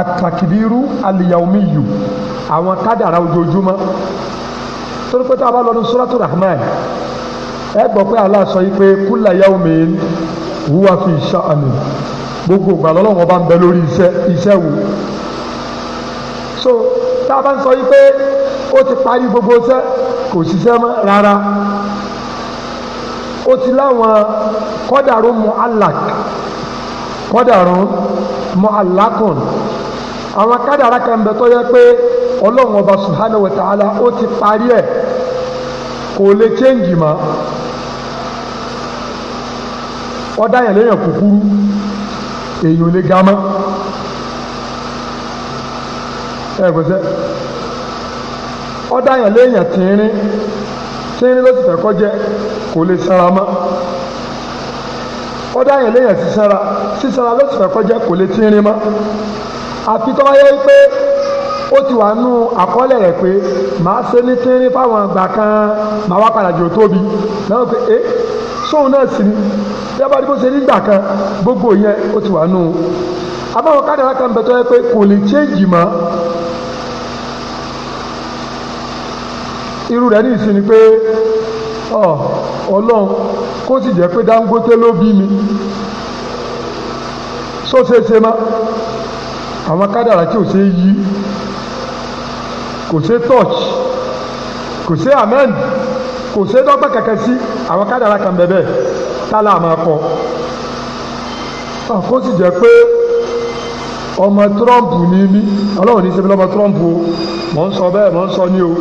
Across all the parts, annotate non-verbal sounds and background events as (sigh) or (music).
àtàkìdírú àlìyàwómiyù àwọn kádàrà ojoojúmọ́ torí pé tá a bá lọ ní suratu rahman ẹ gbọ́ pé Allah sọ yìí pé kulla yawmin huwa fi sha'ni gbogbo ìgbà lọ́lọ́wọ́n bá ń bẹ lórí iṣẹ́ iṣẹ́ wò so tá a bá ń sọ yìí pé ó ti parí gbogbo iṣẹ́ kò ṣiṣẹ́ mọ́ rárá ó ti láwọn kọ́dàrú mu'allaq kọ́dàrú mu'allaqun. àwọn kádàrá kan bẹ tó yẹ pé ọlọ́run ọba subhanahu wa ta'ala ó ti parí ẹ̀ kò lè chéǹgì mọ́ ọ̀dà yẹn lẹ́yìn kúkúrú èyí ò lè ga mọ́ ẹ kò sẹ́ ọ̀dà yẹn lẹ́yìn ló ti kò lè mọ́ ọ̀dà yẹn lẹ́yìn àfi tó bá yẹ pé ó ti wà nù àkọọ́lẹ̀ rẹ̀ pé màá ṣe ní tínrín fáwọn àgbà kan màá wá padà jò tóbi pé ẹ sóun náà sì ni bí gbogbo yẹn ó ti wà nù àbáwọn kádàrá kan bẹ tó pé kò lè chéǹjì mọ́ irú rẹ̀ ní ìsinmi pé ọ ọlọ́run kó sì jẹ́ pé Dangote ló bí mi àwọn kádàrà tí ò ṣe é yí kò ṣe touch kò ṣe amend kò ṣe dọ́gba kẹ̀kẹ́ sí àwọn kádàrà kan bẹ̀ bẹ́ẹ̀ tálà àmọ́ kọ. kó sì jẹ́ pé ọmọ Trump ní mí ọlọ́run ní í lọ́mọ Trump o mọ̀ ń sọ bẹ́ẹ̀ mọ̀ ń sọ ní o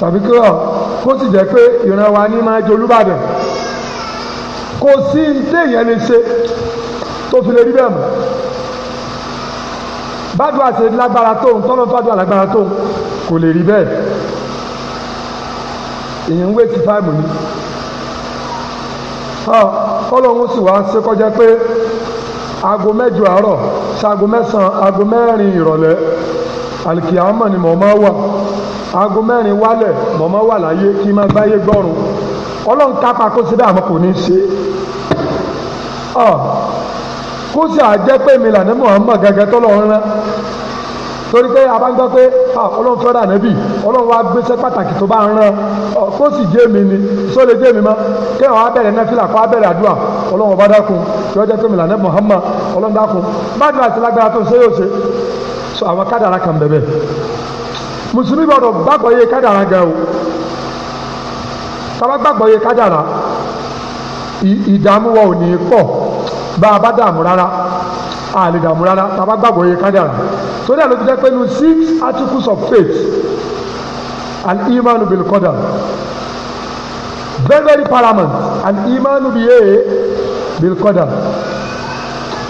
tàbí kí wọ́n kó sì jẹ́ pé ìran wa ní máa jẹ Olúbàdàn kò sí ní téèyàn lè ṣe tó fi lè rí bẹ́ẹ̀ mọ́ bádùá ṣe lágbára tóun tọ́lọ́ tó àdúrà lágbára tóun kò lè rí bẹ́ẹ̀ èyí ń wé ti táìmù ni kọ́lọ́hún sì wá ṣe kọjá pé aago mẹ́jọ àárọ̀ ṣaago mẹ́sàn-án aago mẹ́rin ìrọ̀lẹ́ àlìkìyàmọ̀ ni mọ̀ máa wà aago mẹ́rin wálẹ̀ mọ̀ máa wà láyé kí n máa gbáyé gbọ́rùn ọlọ́run kápá kó síbẹ̀ àmọ́ kò ní í ṣe kó sì àjẹ́ pé mi lànà gẹ́gẹ́ tó lọ́wọ́ torí pé a bá ń gbọ́ pé ah, ọlọ́run fẹ́ rà nẹ́bì ọlọ́run wa gbéṣẹ́ pàtàkì tó bá ń rán kó sì jẹ́ mi ni sóde jẹ́ mi mọ́ kéèyàn wá bẹ̀rẹ̀ náfìlà kó wá bẹ̀rẹ̀ àdúrà ọlọ́run ọba dákun yóò jẹ́ pé mi lànà Muhammad ọlọ́run dákun bájú àti lágbára tó ń ṣe yóò ṣe so àwọn kádàrá kan bẹ̀ mùsùlùmí gbàgbọ́ gan o a gbàgbọ́ yé kádàrá ìdààmú wa bá a bá dààmú rárá a lè dààmú rárá tá a bá gbàgbọ́ yẹ kádàrá torí àlọ́ ti jẹ́ pé nu six articles of faith al-imanu bil qadar very very paramount and imanu bi ye bil qadar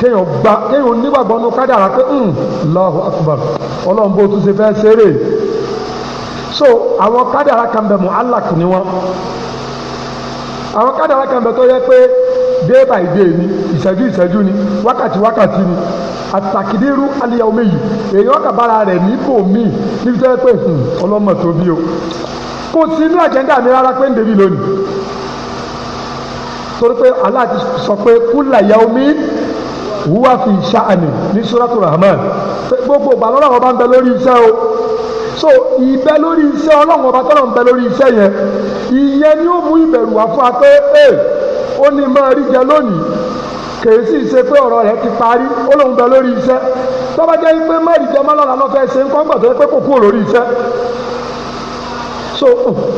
kéèyàn gba kéèyàn nígbàgbọ́ nu kádàrá pé hmm, Allahu akbar ọlọ́run bó tún ṣe fẹ́ ṣeré so àwọn kádàrá kan bẹ̀ mọ́ alak ni wọ́n àwọn kádàrá kan bẹ̀ tó yẹ pé day by day ni ìṣẹ́jú ìṣẹ́jú ni wákàtí wákàtí ni àtàkìdírú aliyahu méyì èèyàn kàbára rẹ̀ nípò míì níbi tó yẹ pé hmm, ọlọ́mọ tó bí o kò sí inú àjẹ́ńdà mi rárá pé ń débi lónìí torí pé Allah ti sọ pé kúlà ìyàwó mi wúwà fi ṣáàní ní suratu rahman gbogbo ìgbà lọ́rọ̀ ọba ń bẹ lórí iṣẹ́ o so ìbẹ lórí iṣẹ́ ọlọ́run ọba tọ́lọ̀ ń bẹ lórí iṣẹ́ yẹn ìyẹn ni ó mú ìbẹ̀rù wá fún wa pé ó ní máa rí jẹ lónìí kèé sì ṣe pé ọ̀rọ̀ rẹ̀ ti parí ó lóun bẹ lórí iṣẹ́ tọ́ba jẹ́ pé má rí jẹ má lọ́la lọ́fẹ́ ṣe ń kọ́ gbàtọ́ pé kò kúrò lórí iṣẹ́ so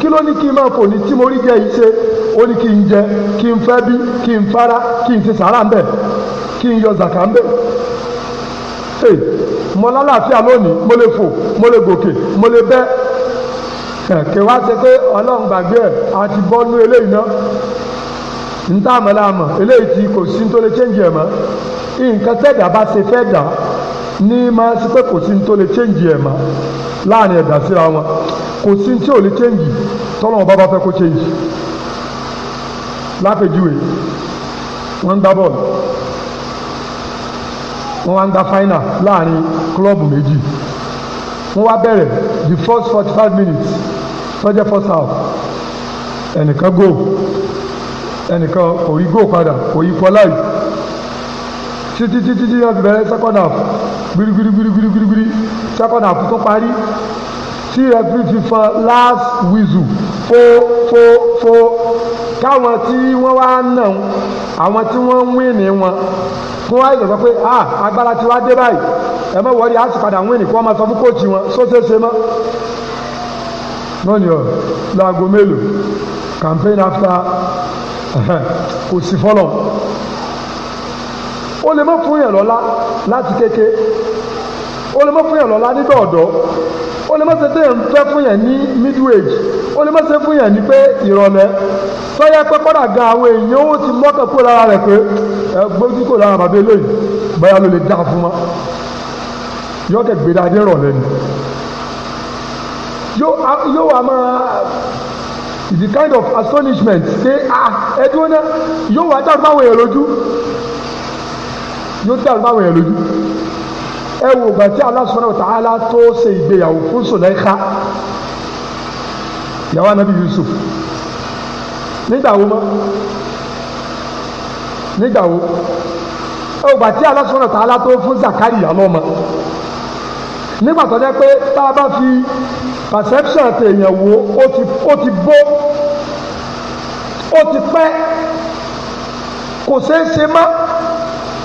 kí ló ní kí n máa fò ní tí mo rí jẹ iṣẹ́ ó ní kí n jẹ kí n fẹ́ bí kí n fara kí n ti sàrà ń bẹ̀ kí n yọ zàkà ń bẹ̀ mo lálàáfíà lónìí mo lè fò mo lè gòkè mo lè bẹ́ kẹ̀kẹ́ wá ṣe pé ọlọ́run gbàgbé ẹ̀ àti bọ́nú eléyìí náà ntaama laama eléyìí tí kò sí tó lè change ẹ̀ mọ́ nǹkan tẹ́dà bá ṣe fẹ́ dà ní máa ṣe pé kò sí tó lè change ẹ̀ mọ́ láàrin ẹ̀dá síra wọn kò sí tí ò lè change tọ́lọ́wọ́n bá bá fẹ́ kó change lápèjúwe wọ́n ń gbá bọ́ọ̀lù wọ́n wá ń gbá fáínà láàrin kílọ́ọ̀bù méjì wọ́n wá bẹ̀rẹ̀ the first forty five minutes tọ́jẹ́ first half ẹnìkan go ẹnìkan kò yí gò padà kò yí fọ láì títí títí tí wọ́n fi bẹ̀rẹ̀ second half gbirigbiri gbirigbiri gbirigbiri second half tó parí tí rẹpì fi fọ last whistle fó fó fó káwọn tí wọ́n wá nà ń àwọn tí wọ́n ń wíìnì wọn fún wa ìgbàgbọ́ pé ah agbára tí wàá dé báyìí ẹ mọ̀ wọ́ọ́rí á sì padà wíìnì kí wọ́n máa sọ fún kóòtù wọn sóṣèṣe mọ́ lónìí ọ̀ láago mélòó campaign after (laughs) kò sí fọlọ o lè má fún yàn lọ́lá láti kéke o lè má fún yàn lọ́lá nígbà ọ̀dọ́ o lè má ṣe téèyàn fẹ́ fún yàn ní middle age o lè má ṣe fún yàn ní pé ìrọ̀lẹ́ sọ́yà pé kọ́dà gan àwọn èèyàn ó ti mọ́kàn kó lára rẹ̀ pé ẹ gbójú kó lára bàbá eléyìí báyà ló lè dá fún wa yọ̀ọ́kẹ́ gbéra dé rọ̀lẹ́ ni yóò wá máa is the kind of astonishment Say, ah ẹdun náà yóò wá dàrú báwọn èèyàn lójú yóò dàrú báwọn èèyàn lójú ẹ wò gbà tí Allah subhanahu wa ta'ala tó ṣe ìgbéyàwó fún Sùlẹ́kà ìyàwó anabi Yusuf nígbà wo mọ́ nígbà wo ẹ wò gbà tí Allah subhanahu wa ta'ala tó fún Zakari yà lọ́mọ nígbà tó jẹ́ pé tá a bá fi perception tèèyàn wo ó ti ó ti bó ó ti pẹ́ kò ṣeé ṣe mọ́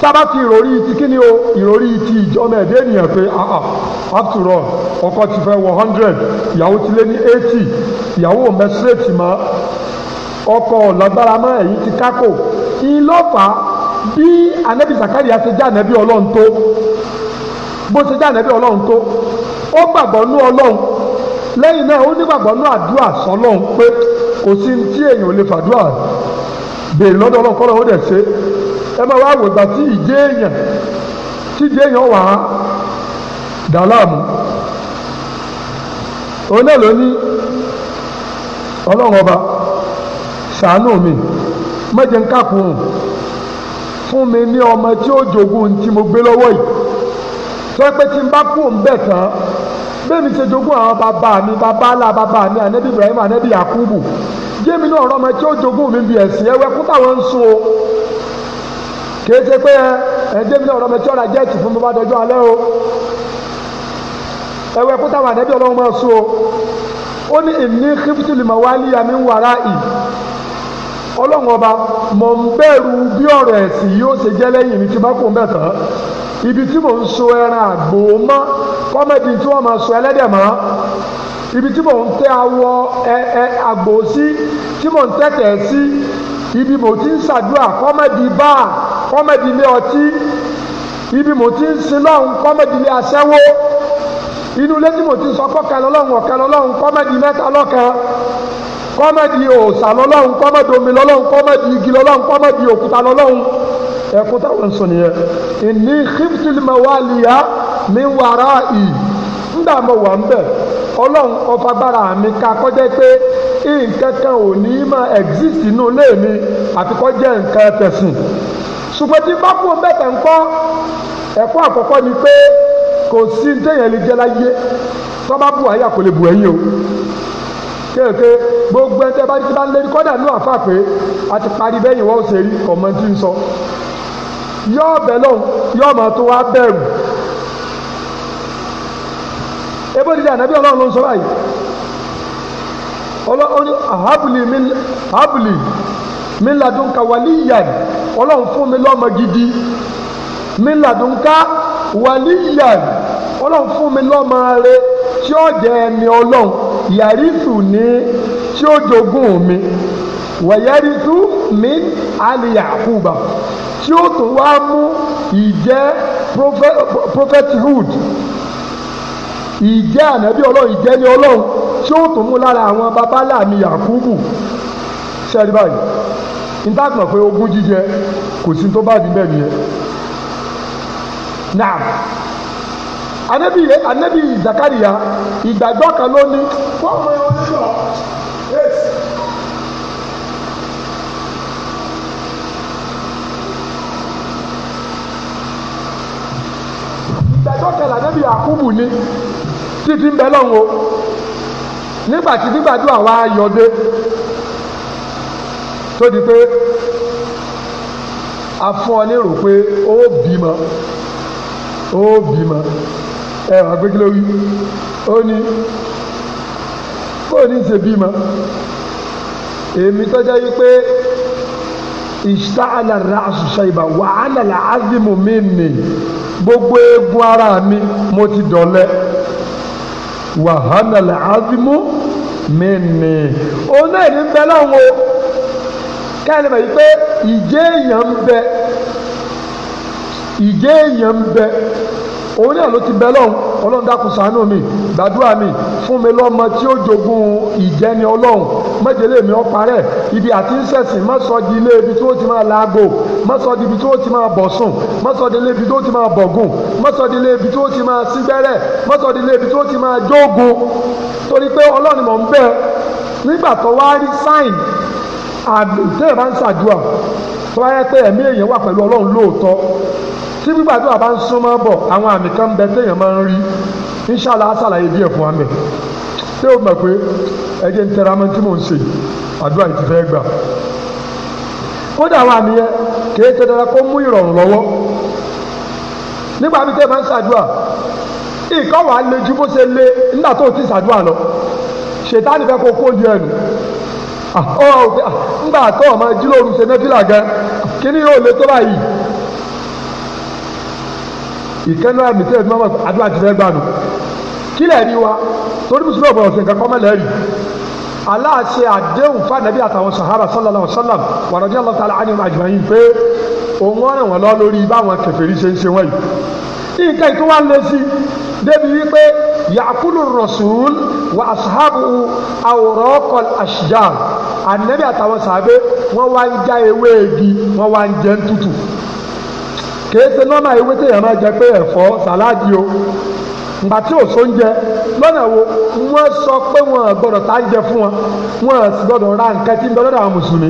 tá a bá fi ìròrí ti kí ni o ìròrí ti ìjọba ẹ̀dẹ́ ènìyàn pé ah ah after all ọkọ ti fẹ́ wọ hundred ìyàwó ti lé ní eighty ìyàwó mẹsírèètì mọ́ ọkọ ọ̀lọ́gbára mọ́ èyí ti kákò ìlọ́fà bí anabi Zakaria ti já anabi ọlọ́run tó bó ti jáde bí ọlọ́run tó ó gbàgbọ́ nú ọlọ́run lẹ́yìn náà ó nígbàgbọ́ nú àdúrà sọlọ́run pé kò sí tí èèyàn lè fàdúrà béèrè lọ́dọ̀ ọlọ́run kọ́lọ́ ó dẹ̀ ṣe ẹ máa wá wògbà tí ìjẹ́ èèyàn tí ìjẹ́ èèyàn wà á dà láàmú òun náà ló ní ọlọ́run ọba ṣàánú mi mẹ́jẹ̀ ń kàkùn fún mi ní ọmọ tí ó jogún tí mo gbé lọ́wọ́ yìí sọ pé tí n bá kú òun bẹ̀ tán bẹ́ẹ̀ mi ṣe jogún àwọn bàbá mi bàbá ńlá bàbá mi ànẹ́bí Ibrahim ànẹ́bí Yakubu jẹ́mi náà ọ̀rọ̀ ọmọ tí ó jogún mi bí ẹ̀sìn ẹ̀wẹ́ kú táwọn ń sun o kìí ṣe pé ẹ̀ jẹ́mi náà ọ̀rọ̀ ọmọ tí ọ̀rọ̀ ajẹ́ẹ̀tì fún mi bá dọjọ́ alẹ́ o ẹ̀wẹ́ kú táwọn ànẹ́bí Ọlọ́run máa sun o ó ní ìní kífìtì lè àmì ń wàrà ì Ọlọ́run ọba mọ̀ ń bẹ̀rù bí ọ̀rọ̀ ẹ̀sìn yóò ṣe jẹ́ lẹ́yìn mi tí bá kò ń bẹ̀ tán ibi tí mò ń so ẹran àgbò mọ́ kọ́mẹ́dì tí wọ́n máa so ẹlẹ́dẹ̀ mọ́ ibi tí mò ń tẹ awọ ẹ ẹ àgbò sí tí mò ń tẹ̀tẹ̀ sí ibi mò ti ń ṣàdúrà kọ́mẹ́dì báà kọ́mẹ́dì ilé ọtí ibi mò ti ń sin lọ́hùn kọ́mẹ́dì ilé aṣẹ́wó inú ilé tí mò ti ń sọ pọ́ kẹlẹ́ ọlọ́hùn ọ̀kẹ́ ọlọ́hùn kọ́mẹ́dì mẹ́ta lọ́kẹ́ kọ́mẹ́dì òòṣà lọ́lọ́hùn kọ́mẹ́dì omi lọ́lọ́hùn kọ́mẹ́dì igi lọ́lọ́hùn kọ́mẹ́dì òkúta lọ́lọ́hùn ẹkún táwọn sọ nìyẹn inni khiftul mawaliya min wara'i ńgbà mo wà ń bẹ̀ ọlọ́run ọfagbára mi ká kọjá pé nǹkan kan ò ní máa exist inú ilé mi àfikọ́ jẹ́ nǹkan tẹ̀sìn ṣùgbọ́n tí bá kún bẹ́ẹ̀ tẹ̀ ń kọ́ ẹ̀kọ́ àkọ́kọ́ ni pé kò sí téèyàn lè jẹ́ láyé tó bá bu àyà kò lè bu ẹ̀yìn o kéèké gbogbo ẹ̀ tẹ́ bá ń lérí kọ́dà ní àfà pé a ti parí bẹ́yìn wọ́n ó ṣe rí kọ̀mọ́ntì ń sọ yóò bẹ̀ lọ́hùn yóò máa tó wá bẹ̀rù ebo dídá ànábì ọlọ́run ló ń sọ báyìí ọlọ́run habli min habli min ladunka waliyan ọlọ́run fún mi lọ́mọ gidi min ka waliyan ọlọ́run fún mi lọ́mọ rẹ tí ó jẹ ẹni ọlọ́run yàrá ìsù ní tí ó jogún mi wàyẹ́rìsú min aliyakuba tí ó tún wá mú ìjẹ́ prophethood ìjẹ́ ànábì ọlọ́run ìjẹ́ ní ọlọ́run tí ó tún mú lára àwọn babalá mi yakubu ṣẹ́ẹ́rì báyìí ìtàkùn pé ogún jíjẹ kò sí tó bá di bẹ́ẹ̀ nìyẹn. náà anabi anabi zakariya ìgbàgbọ́ kan ló ní. wọ́n mọ ìwé sọ́kẹ̀lá níbi àkúbù ni títí ń bẹ lọ́hùn o nígbà tí gbígbàdúrà wa yọdé tó di pé a fún ọ lérò pé ó bímọ ó bímọ ẹ wà pé kí ló wí ó ní kó ní ṣe bímọ èmi tọ́jà yí pé ìṣáàlà rà àṣùṣà wàhálà làázìmù mímì gbogbo eegun ara mi mo ti dọ̀lẹ́ wàhánà làásìmú mi nì òun náà ní bẹ láwọn o káyọ̀ bẹ̀ yìí pé ìjẹ́ èèyàn ń bẹ ìjẹ́ èèyàn ń bẹ òun náà ló ti bẹ lọ́hùn ọlọ́run dákun ṣàánú mi gbàdúrà mi fún mi lọ́mọ tí ó jogún ìjẹni ọlọ́run méjèlé mi ó parẹ́ ibi àti ń ṣẹ̀sìn má sọ di ilé ibi tí ó ti máa laago má sọ di ibi tí ó ti máa bọ̀ sùn má sọ di ilé ibi tí ó ti máa bọ̀gùn má sọ di ilé ibi tí ó ti máa sígbẹ́rẹ́ má sọ di ilé ibi tí ó ti máa jógun torí pé ọlọ́run mọ̀ ń bẹ nígbà tó wá rí sáìn àmì tẹ́ẹ̀ bá ń ṣàdúrà tó wáyé pé ẹ̀mí èèyàn wà pẹ̀lú ọlọ́run lóòótọ́ tí gbígbàdúrà bá ń súnmọ́ bọ̀ àwọn àmì kan bẹ téèyàn máa ń rí inṣàlá ṣàlàyé díẹ̀ fún wa mẹ́ ṣé o mọ̀ pé ẹjẹ̀ ń tẹra mọ́ tí mò ń ṣe àdúrà yìí ti fẹ́ gbà kódà àwọn àmì yẹn kìí ṣe dandan kó mú ìrọ̀rùn lọ́wọ́ nígbà tẹ́ máa ń le ju bó ṣe lọ ṣètánì fẹ́ kó kó nígbà tó ṣe nẹ́fìlà gan kíní yóò ìkẹ́nu àmì tẹ́lẹ̀ tí wọ́n mọ̀ àdúrà ti fẹ́ gbànú kí lẹ̀ rí wa torí mùsùlùmí ọ̀bọ̀n ọ̀sẹ̀ kankan mọ́lẹ̀ rí aláàṣẹ àdéhùn fànàbí àtàwọn sàhábà sallallahu alaihi wasallam wa radiyallahu ta'ala anhum ajma'in pé òun wọn ràn wọn lọ lórí báwọn kèfèrí ṣe ń ṣe wọn yìí nǹkan ìtúwà ń lé sí débi wípé yakulu rasul wa asahabu awraqal ashjar ànàbí àtàwọn sàhábé wọn wá ń já ewé igi wọn wá ń jẹ ń tútù kèé ṣe lọ́nà ewé téèyàn máa jẹ pé ẹ̀fọ́ sàláàdì o ìgbà tí so ń jẹ lọ́nà wo wọ́n sọ pé wọ́n gbọ́dọ̀ tá ń jẹ fún wọn wọ́n sì gbọ́dọ̀ ra nǹkan tí ń bẹ lọ́dọ̀ àwọn mùsùlùmí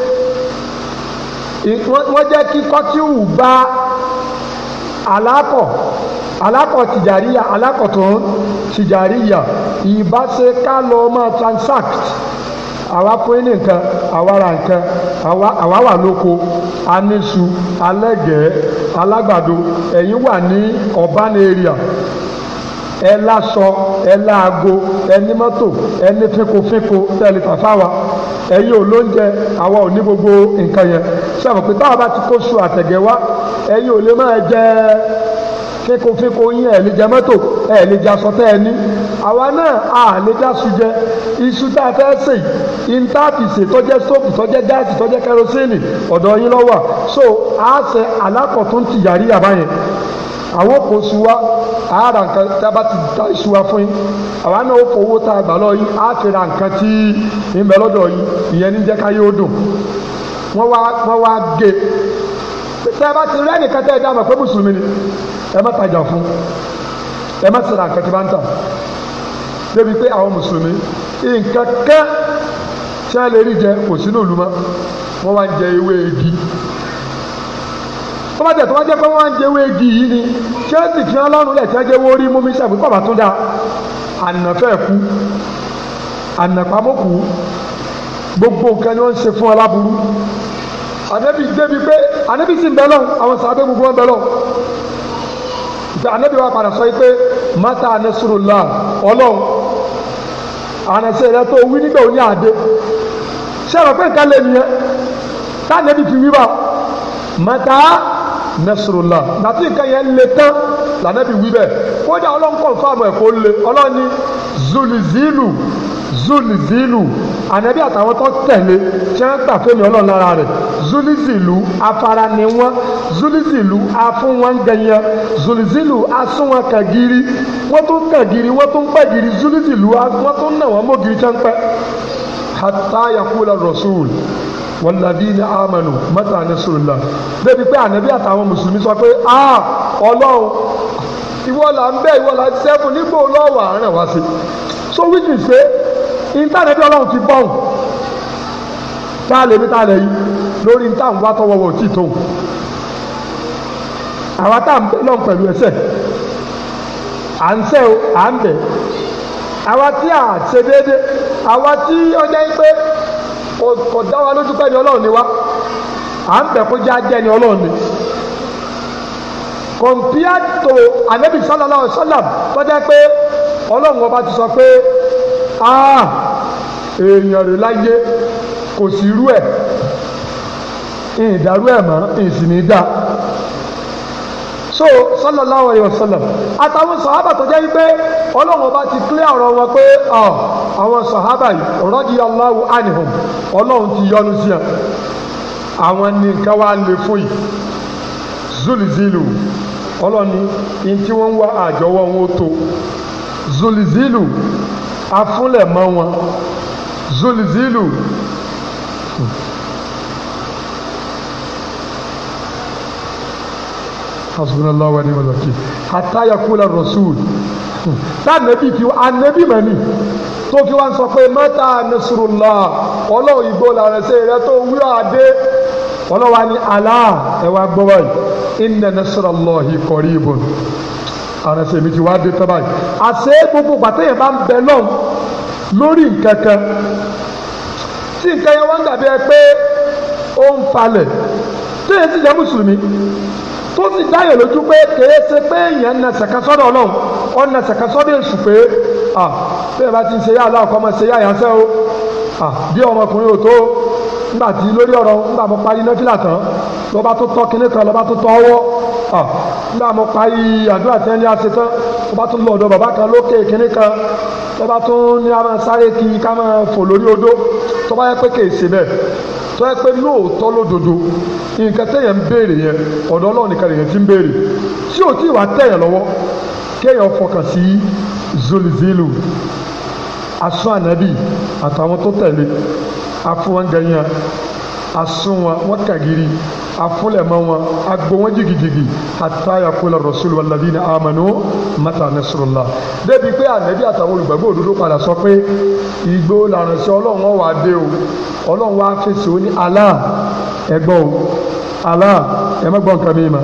wọ́n jẹ́ kí kọ́tíwù bá alákọ̀ alákọ̀ tìjàríyà alákọ̀ tó ń tìjàríyà ìbáṣe ká lọ máa transact àwa fún ní nǹkan àwa ra nǹkan àwa wà lóko alẹ́gẹ̀ẹ́ alágbàdo ní urban area ẹ láṣọ ẹ láago ẹ ní mọ́tò ẹ ní fínkofínko ṣàmù pé bá ti kó su àtẹ̀gẹ̀ wá ẹ̀yin ò lè máa jẹ fínkofínko yín ẹ̀ lè jẹ mọ́tò ẹ̀ lè jẹ aṣọ tẹ́ ẹ ní àwa náà à lè já su tọ́jẹ́ sóòpù tọ́jẹ́ gáàsì tọ́jẹ́ ọ̀dọ̀ yín lọ́wọ́ so a ṣe alákọ̀tún ti yàrí yàrá yẹn àwọn kò su wa a ra nǹkan tí a bá ti iṣu wa fún wọ́n wá wọ́n wá gé tẹ́ ẹ bá ti rẹ́ nìkan tẹ́ ẹ dáhùn pé mùsùlùmí ni ẹ má tajà fún ẹ má sara nǹkan bá ń tà débi pé àwọn mùsùlùmí nǹkan kẹ́ tí a lè rí jẹ kò sínú ìlú mọ́ wọ́n wá ń jẹ ewé igi wọ́n bá tẹ̀ tó wá jẹ́ pé wọ́n wá ń jẹ ewé igi yìí ni tí ó sì fi hàn lọ́rùn lẹ̀ tí wọ́n jẹ́ owó rí múmi sàgbé kọ́ bá tún dáa ànàfẹ́ kú ànàpamọ́ kú gbogbo nǹkan ni wọ́n ń ṣe fún aláburú anabi débi pé anabi sì ń bẹ lọ́wọ́ àwọn sàbẹ̀ gbogbo wọn bẹ lọ́wọ́ anabi wa padà sọ pé mata anasurullah ọlọ́run ànàṣe rẹ tó wí nígbà òní àdé ṣé ẹ̀rọ pé nǹkan lè nìyẹn tá anabi fi wí bá mata nasrula nàti nǹkan yẹn le tán lànàbí wí bẹ́ẹ̀ kódà ọlọ́run kọ̀ǹfàmù ẹ̀ kó le ọlọ́run ní zulizilu zulizilu ànàbí àtàwọn tó tẹ̀lé tí wọ́n gbà fẹ́mi ọlọ́run lára rẹ̀ zulizilu afara ni wọ́n zulizilu afún wọn gẹ̀yẹ zulizilu asún wọn kàgiri wọ́n tún kàgiri wọ́n tún pẹ̀giri zulizilu wọ́n tún nà wọ́n mọ́giri tí wọ́n pẹ́ hatta yakula rasul walladhina amanu mata nasrullah débi pé ànábì àtàwọn mùsùlùmí sọ pé a ọlọ́run ìwọ là ń bẹ ìwọ là ń sẹ́fún nígbò lọ́wọ́ àárín wa sí so which is say intanẹ́tì ọlọ́run ti bọ̀ tá a lè mi tá a lè yí lórí ntàwọn wá tọwọ́ wọ̀ tí tó àwa tá à bẹ lọ́n pẹ̀lú ẹsẹ̀ à ń sẹ́ o à ń bẹ̀ àwa tí a ṣe déédéé àwa tí ó jẹ́ pé kò dá wa lójú pé ni ọlọ́run ni wá à ń bẹ̀ kó jẹ́ ni ọlọ́run ni compared to anabi sallallahu alayhi wa sallam tó jẹ́ pé ọlọ́run ọba ti sọ pé ah èèyàn rè láyé kò sí irú ẹ̀ ìdàrú ẹ̀ mọ́ ìsìn ní dáa. so sallallahu alayhi wa sallam àtàwọn sahaba tó jẹ́ wípé ọlọ́run ọba ti clear ọ̀rọ̀ wọn pé àwọn sahaba yìí radiyallahu anhum ọlọ́run ti yọnu sí ẹ̀ àwọn ní nǹkan lè fún yìí zulizilu ọlọ́ni ní tí wọ́n zulizilu afúnlẹ̀ mọ́ wọn zulizilu. hasbunallah wa ni'mal wakil hatta yakula rasul tànàbí tí ànàbí mẹ́ni tó kí wá ń sọ pé mẹ́ta nasrullah ọlọ́run ìgbó làrá ṣe rẹ tó wí àdé ọlọ́wà ni àlá ẹwà gbọ́ báyìí inna nasrallahi qaribun àrà ṣe mi ti wá dé tán báyìí àṣẹ gbogbo pàtẹ́yìn bá ń bẹ lọ́n lórí nǹkan kan tí nǹkan yẹn wá ń dàbí ẹ pé ó ń falẹ̀ tí èyí sì jẹ́ mùsùlùmí tó sì dáyọ̀ lójú pé kèé ṣe pé èèyàn na ṣẹ̀kan sọ́dọ̀ ọlọ́run ọ na ṣẹ̀kan sọ́dọ̀ èṣù pé à bí ẹ bá ti ṣe yá aláàkọ́ ọmọ ṣe yá ìyáṣẹ́ o à bí ọmọkùnrin ò tó nígbà tí lórí ọ̀rọ̀ nígbà mo parí náfìlà tán lọ́ba tó tọ́ kinní kan lọ́ba tó tọ́ ọwọ́ à nígbà mo parí àdúrà tí wọ́n ní àṣetán tó bá tún lọ ọ̀dọ̀ bàbá kan lókè kínní kan tó bá tún ní a máa sáré kí ká máa fò lórí odó tó bá yẹ pé kè é ṣe bẹ́ẹ̀ tó yẹ pé lóòótọ́ lódodo nǹkan téèyàn ń béèrè yẹn ọ̀dọ̀ Ọlọ́run nìkan lèyàn ti ń béèrè tí ò tí ì wá tẹ̀yàn lọ́wọ́ kéèyàn fọkàn sí zolizilu asún ànábì àtàwọn tó tẹ̀lé afúnwángẹ̀yìn asun wọn wọn kagiri afúnlẹ̀mọ́ wọn agbó wọn jigijigi àtàyà kólà rasul walladina amanu mata nasrullah débi pé ànẹ́bí àtàwọn olùgbàgbọ́ òdodo padà sọ pé igbó làránṣẹ́ ọlọ́run wà dé o ọlọ́run wà fèsì ó ní alá ẹgbọ́n o. Allah ẹ má gbọ́ nǹkan mi mọ́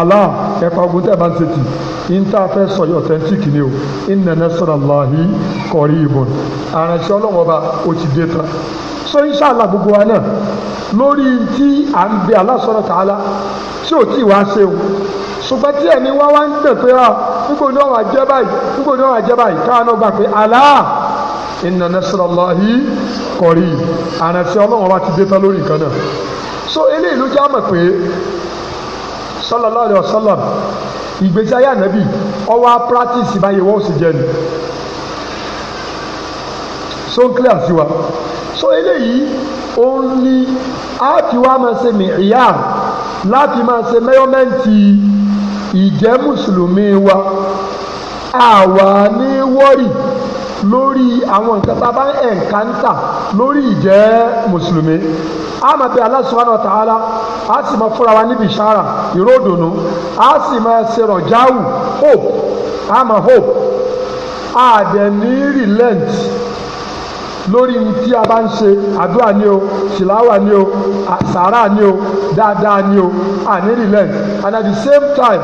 Allah ẹ pa ogun tẹ́ ẹ bá ń ṣe tì í ń tá a fẹ́ sọ yìí authentic ni o inna nasrallahi qaribun àránṣẹ́ ọlọ́wọ́ o ti dé tán so inshallah gbogbo wa náà lórí tí à ń bẹ Allah subhanahu wa ta'ala tí ò tí wàá ṣe o ṣùgbọ́n tí ẹ̀mí wá wá ń tẹ̀ pé ọ ah, nígbò ní ọ̀rọ̀ àjẹ́ báyìí nígbò ní ọ̀rọ̀ àjẹ́ báyìí káwọn náà gbà pé Allah inna nasrallahi qarib àránṣẹ́ ọlọ́wọ́ bá ti dé tán lórí nǹkan náà so eléyìí ló já mọ̀ pé sallallahu alaihi wasallam ìgbésí ayé ànábì ọwọ́ practice báyìí wọ́n sì jẹ́ ni so ń clear sí so eléyìí òun ni a fi wá máa ṣe mìíyà láti máa ṣe mẹ́yọ́mẹ́ǹtì ìjẹ́ mùsùlùmí wa àwa ní wọ́rì lórí àwọn nǹkan tá a bá ń ẹ̀ǹkáńtà lórí ìjẹ́ mùsùlùmí a máa bẹ Allah subhanahu wa ta'ala a sì máa fúnra wa níbi ìṣára ìró a sì máa ṣe rọ̀jáwù hope a máa hope a dẹ̀ ní relent lórí tí a bá ń ṣe àdúrà ni o ṣìláwà ni o sàárà ni o dáadáa ni o àní relent and at the same time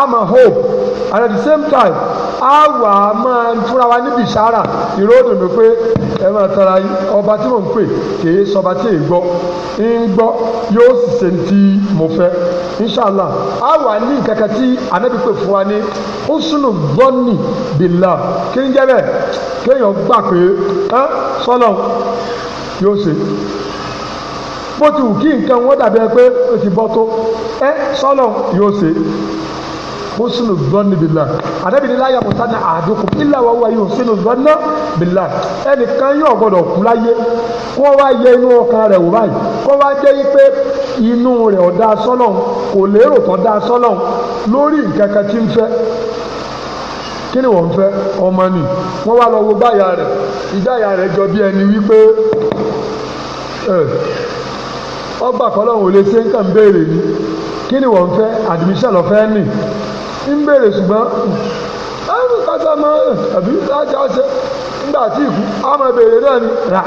a máa hope at the same time a wà á máa fúnra wa níbi ìsára ìró dùnú pé ẹ máa tara ọba tí mò ń pè kìí sọba tí èè gbọ́ ń gbọ́ yóò sì ṣe ní tí mo fẹ́ inshallah a ní nǹkankan tí anabi pè fún wa ní usunu gbọ́nì bìlà kí ni jẹ́ bẹ́ẹ̀ kéèyàn gbà pé ẹ́ sọ́lọ́ yóò ṣe bó ti wù kí nǹkan wọ́n dàbí ẹ pé o ti bọ́ tó ẹ́ sọ́lọ́ yóò ṣe husnu dhanni billah àdébìnrin láyà mùsànà àdókò ilà wà wáyé husnu dhanni billah ẹnìkan yóò gbọdọ̀ kú láyé kó wá yẹ inú ọkàn rẹ̀ wò báyìí kó wá jẹ́ pé inú rẹ̀ ọ̀dà sọ́nà kò lérò tó dá sọ́nà lórí nǹkan kan tí ń fẹ́ kí ni wọ́n fẹ́ ọmọ ni wọ́n wá lọ wo báyà rẹ̀ ìdáyà rẹ̀ jọ bí ẹni wípé ọgbà kọlọ́hún ò lè ṣe nǹkan béèrè ni kí ni wọ́n fẹ́ admission lọ́fẹ́ ni ń bèrè ṣùgbọ́n ẹnu kata máa àbí láti ọ̀sẹ̀ nígbà tí ìkú a máa bèrè náà ni rà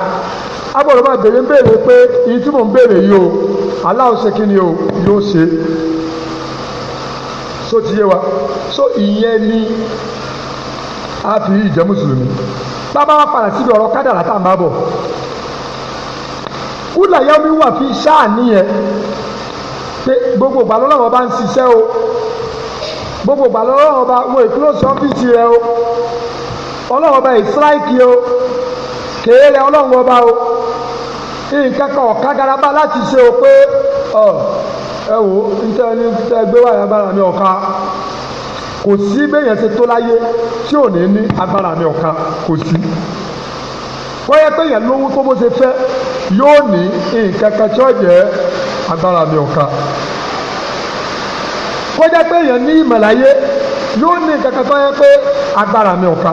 a gbọ́dọ̀ máa bèrè ń bèrè pé iye tí mò ń bèrè yìí o aláwọ̀sẹ̀ kí ni o yóò ṣe so ti yé wa so ìyẹn ni a fi ìjẹ́ mùsùlùmí bàbá wa padà síbi ọ̀rọ̀ kádàrà tá à ń bá bọ̀ kúlà yẹn mi wà fi ṣáà nìyẹn pé gbogbo ìgbà lọ́wọ́ bá ń ṣiṣẹ́ o gbogbo ìgbà lọ́wọ́ ọba wo ìkúlọ̀sì ọ́fíìsì rẹ o ọlọ́run ọba ìsíráìkì o kéèrè ọlọ́run ọba o nǹkan kan ọ̀kágaraba láti ṣe o pé ọ ẹ wò níta ẹni tẹ gbé wáyà agbára mi ọ̀ka kò sí bẹ́yẹn ṣe tó láyé tí ò ní ní agbára mi ọ̀ka kò sí wọ́yẹ pé lówó tó bó ṣe fẹ́ yóò ní nǹkan tí ó jẹ́ agbára mi ọ̀ka kọjá pé èèyàn ní ìmọ̀láyé yóò ní kankan tó yẹ pé agbára mi ọ̀ka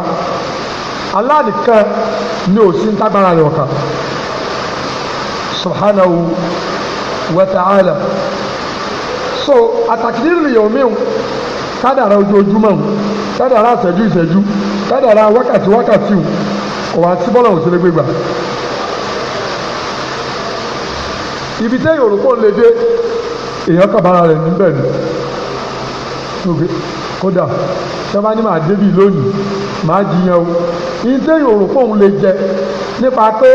Allah nìkan ni ò sí tágbára rẹ̀ ọ̀ka subhanahu wa ta'ala so àtàkìlì rìnyẹ̀wò mìíràn kádàrá ojoojúmọ́ o kádàrá àṣẹjú ìṣẹ́jú kádàrá o kò wá sí bọ́lá òṣèlú ibi tẹ́yìn òrùkọ́ ń lè dé èèyàn kàbára rẹ̀ níbẹ̀ ni òkè kódà tí wọ́n bá ní màá débì lónìí màá jiyàn o ilé yòrò fóun lè jẹ nípa pé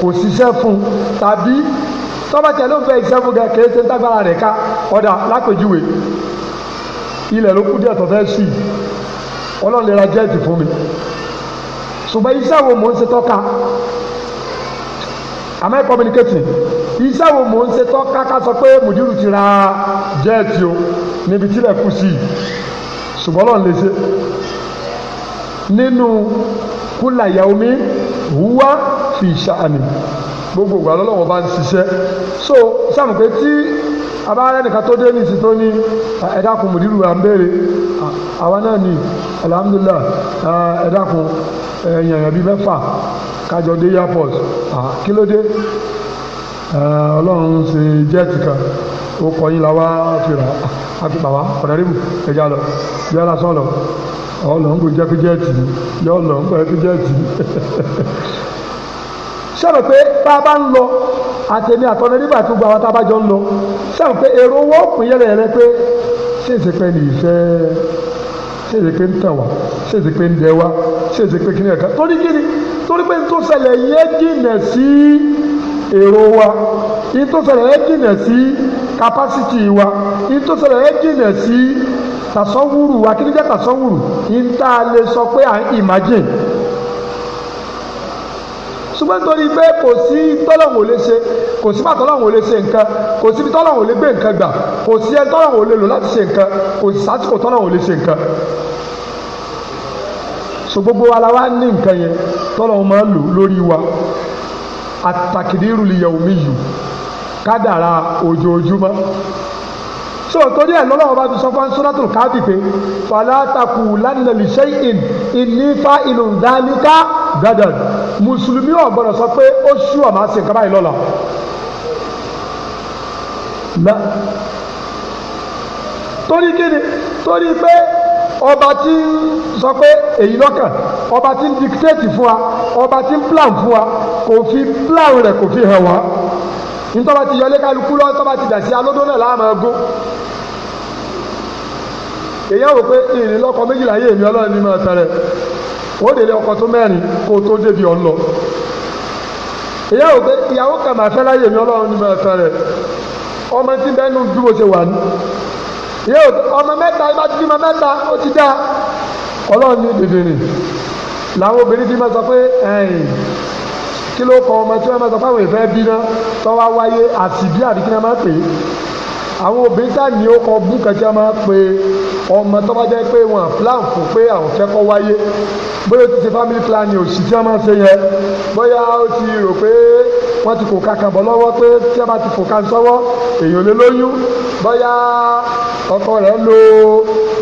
kò ṣiṣẹ́ fún un tàbí tọ́ba tẹ̀ ló ń fẹ́ iṣẹ́ fún gẹ̀ kéré ṣe ń tágbára rẹ̀ ká ọ̀dà lápèjúwe ilẹ̀ ló kú díẹ̀ tó fẹ́ sí i ọlọ́run lè ra jẹ́ẹ̀tì fún mi ṣùgbọ́n iṣẹ́ wo mò ń ṣe tọ́ka am I communicating iṣẹ́ wo mò ń ṣe tọ́ka ká sọ pé mùdírù ti ra jẹ́ẹ̀tì o níbi tílẹ̀ kù sí ṣùgbọ́n lọ́n lè ṣe nínú kúlà yaomi wúwá fi ṣàánì gbogbo ìgbà lọ́lọ́wọ́ bá ń ṣiṣẹ́ so sáàmù pé tí abáyá nìkan tó dé ní ti tó ní ah, ẹ̀dákun mùdírù à ń béèrè ah, àwa náà ní alhamdulillah ah, ẹ̀dákun ẹ̀yàn bíi mẹ́fà kájọ dé airport kí ló dé ọlọ́run ṣe jẹ́ẹ̀tì kan ó kọ yín la wá fìrà àfi bàbá ọ̀dàdìmù ẹja lọ yọ lásán lọ ọlọ ń gbé jẹkújẹẹtì yọ lọ ń gbé jẹkújẹẹtì sẹ́mi (laughs) pé bá a bá ń lọ àtẹ̀mí àtọ́nà nígbà tó gba àwọn tábàjọ ń lọ sẹ́mi pé èrò wọ́n pín yẹ́lẹ́yẹ́lẹ́ pé ṣèṣe pé ní ìfẹ́ ṣèṣe pé ń tàn wá ṣèṣe pé ń dẹ wá ṣèṣe pé kí ni ẹ̀ka torí kí ni torí pé ń tó ṣẹlẹ̀ yé jìnà sí i èrò wa yìí tó ṣẹlẹ̀ ẹ́ jìnà sí kapásítì wa yìí tó ṣẹlẹ̀ ẹ́ jìnà sí tàsánwúrù wa kí ni jẹ́ tàsánwúrù yìí tá a lè sọ pé à ń imagine ṣùgbọ́n nítorí pé kò sí tọ́lọ̀wò lè ṣe kò sí bá tọ́lọ̀wò lè ṣe nǹkan kò sí bí tọ́lọ̀wò lè gbé nǹkan gbà kò sí ẹ tọ́lọ̀wò lè lò láti ṣe nǹkan kò sí sásìkò tọ́lọ̀wò lè ṣe nǹkan so gbogbo wa la wá ní nǹkan yẹn tọ́lọ̀wò máa ń lò lórí wa àtàkìdírù lìyẹ̀wòmí yìí kádàrà ojoojúmọ́ so torí ẹ lọ́wọ́ ọba tó sọ fún suratul káàdì pé falatakù lánàlì ṣẹ́yìn ìní fa ìlú ńdálíkà dandan mùsùlùmí ò gbọ́dọ̀ sọ pé ó ṣú ọ̀mà sí nǹkan báyìí lọ́la torí kí ni torí pé ọba tí ń sọ pé èyí lọ́kàn ọba tí ń dictate fún wa ọba tí ń plan fún wa kò fi plan rẹ̀ kò fi hàn wá nítorí ti yọlé kálukú lọ tọ́ba ti dà sí alódó náà láàmú agó èyí àwọn pé ìrìn lọ́kọ méjìlá yé èmi ọlọ́run nínú ọ̀tá rẹ̀ ó délé ọkọ tó mẹ́rin kó tó débi ọ̀n lọ èyí àwọn pé ìyàwó kàmáfẹ́ láyé èmi ọlọ́run nínú ọ̀tá rẹ̀ ọmọ tí bẹ́ẹ̀ nù bí mo ṣe wà ní yóò ọmọ mẹ́ta ibà ti bímọ mẹ́ta ó ti dá ọlọ́run ní dèdèrè làwọn obìnrin ti máa sọ pé ẹ̀yìn kí ló kọ ọmọ tí wọ́n máa sọ fáwọn ìfẹ́ bí náà tọ́wá wáyé àti bí àbí kí wọ́n pè é àwọn obìnrin tá ní ọkọ̀ bú kẹjá máa pe ọmọ tó bá jẹ́ pé wọ́n plan fún pé àwọn fẹ́ kọ́ wáyé bóyá ti ṣe family planning òsì tí wọ́n máa ṣe yẹn bóyá ó ti rò pé wọ́n ti kò kankan bọ̀ lọ́wọ́ pé tí wọ́n bá ti kò kan sọ́wọ́ èèyàn lè lóyún bóyá ọkọ rẹ̀ lo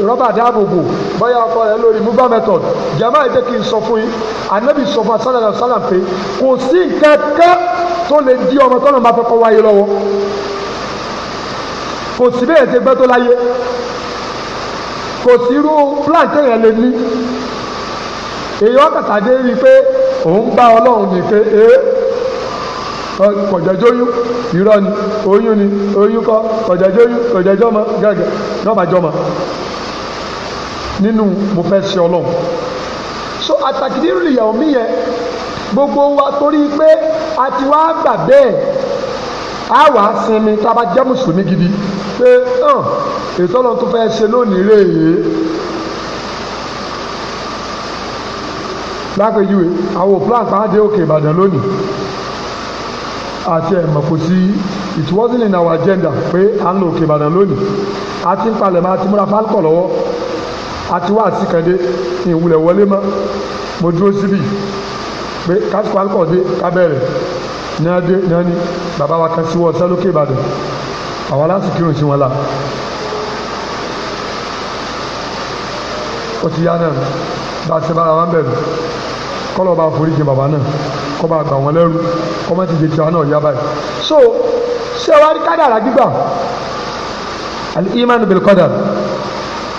rọ́bà dáàbòbò bóyá ọkọ rẹ̀ lo removal method jẹ́mọ́ ẹ̀ jẹ́ kí n sọ fún yín anabi sọ fún asálàlá sálàm pé kò sí nǹkan kan tó lè di ọmọ tọ́nà máa fẹ́ kọ́ wáyé lọ́wọ́ kò sí bẹ́ẹ̀ ṣe gbẹ́ tó láyé kò sí irú plan téèyàn lè ní èèyàn kàtà dé rí i pé òun bá ọlọ́run ní pé ee kọ̀jẹ̀jọ́yún irọ́ ni oyún ni oyún kọ́ kọ̀jẹ̀jọ́yún kọ̀jẹ̀jọ́mọ gẹ́gẹ́ jọ́bàjọ́mọ nínú mo fẹ́ ṣe ọlọ́run so àtàkìdírù ìyàwó mi yẹn gbogbo wa torí pé a ti wá gbà bẹ́ẹ̀ a wà á sinmi tá a bá jẹ́ mùsùlùmí gidi pé hàn ètò ọlọ́run tó fẹ́ ṣe lónìí rèé lápèjúwe àwọn òpúlà sáájé òkè ìbàdàn lónìí àti ẹ̀mọ̀ kò sí it wasn't in our agenda pé à ń lo òkè ìbàdàn lónìí àti ń palẹ̀ máa ti múra fálkọ̀ lọ́wọ́ àti wá àtìkàndé ìwúlẹ̀ wọlé mọ́ mo dúró síbì pé kásìkò fálkọ̀ dé kábẹ́rẹ̀ ní adé ní ẹni bàbá wa kan síwọ́ ọ̀sán lókè ìbàdàn àwọn aláǹsì kírun sí wọn la ó ti yá náà bá a ṣe bára wọn bẹ̀rù kọ́lọ̀ bá foríjì bàbá náà kọ́ bá gbà wọn lẹ́rú kọ́ má ti di tiwa náà yá báyìí. so ṣé wàá rí kádàrá gbígbà al-imanu bil qadar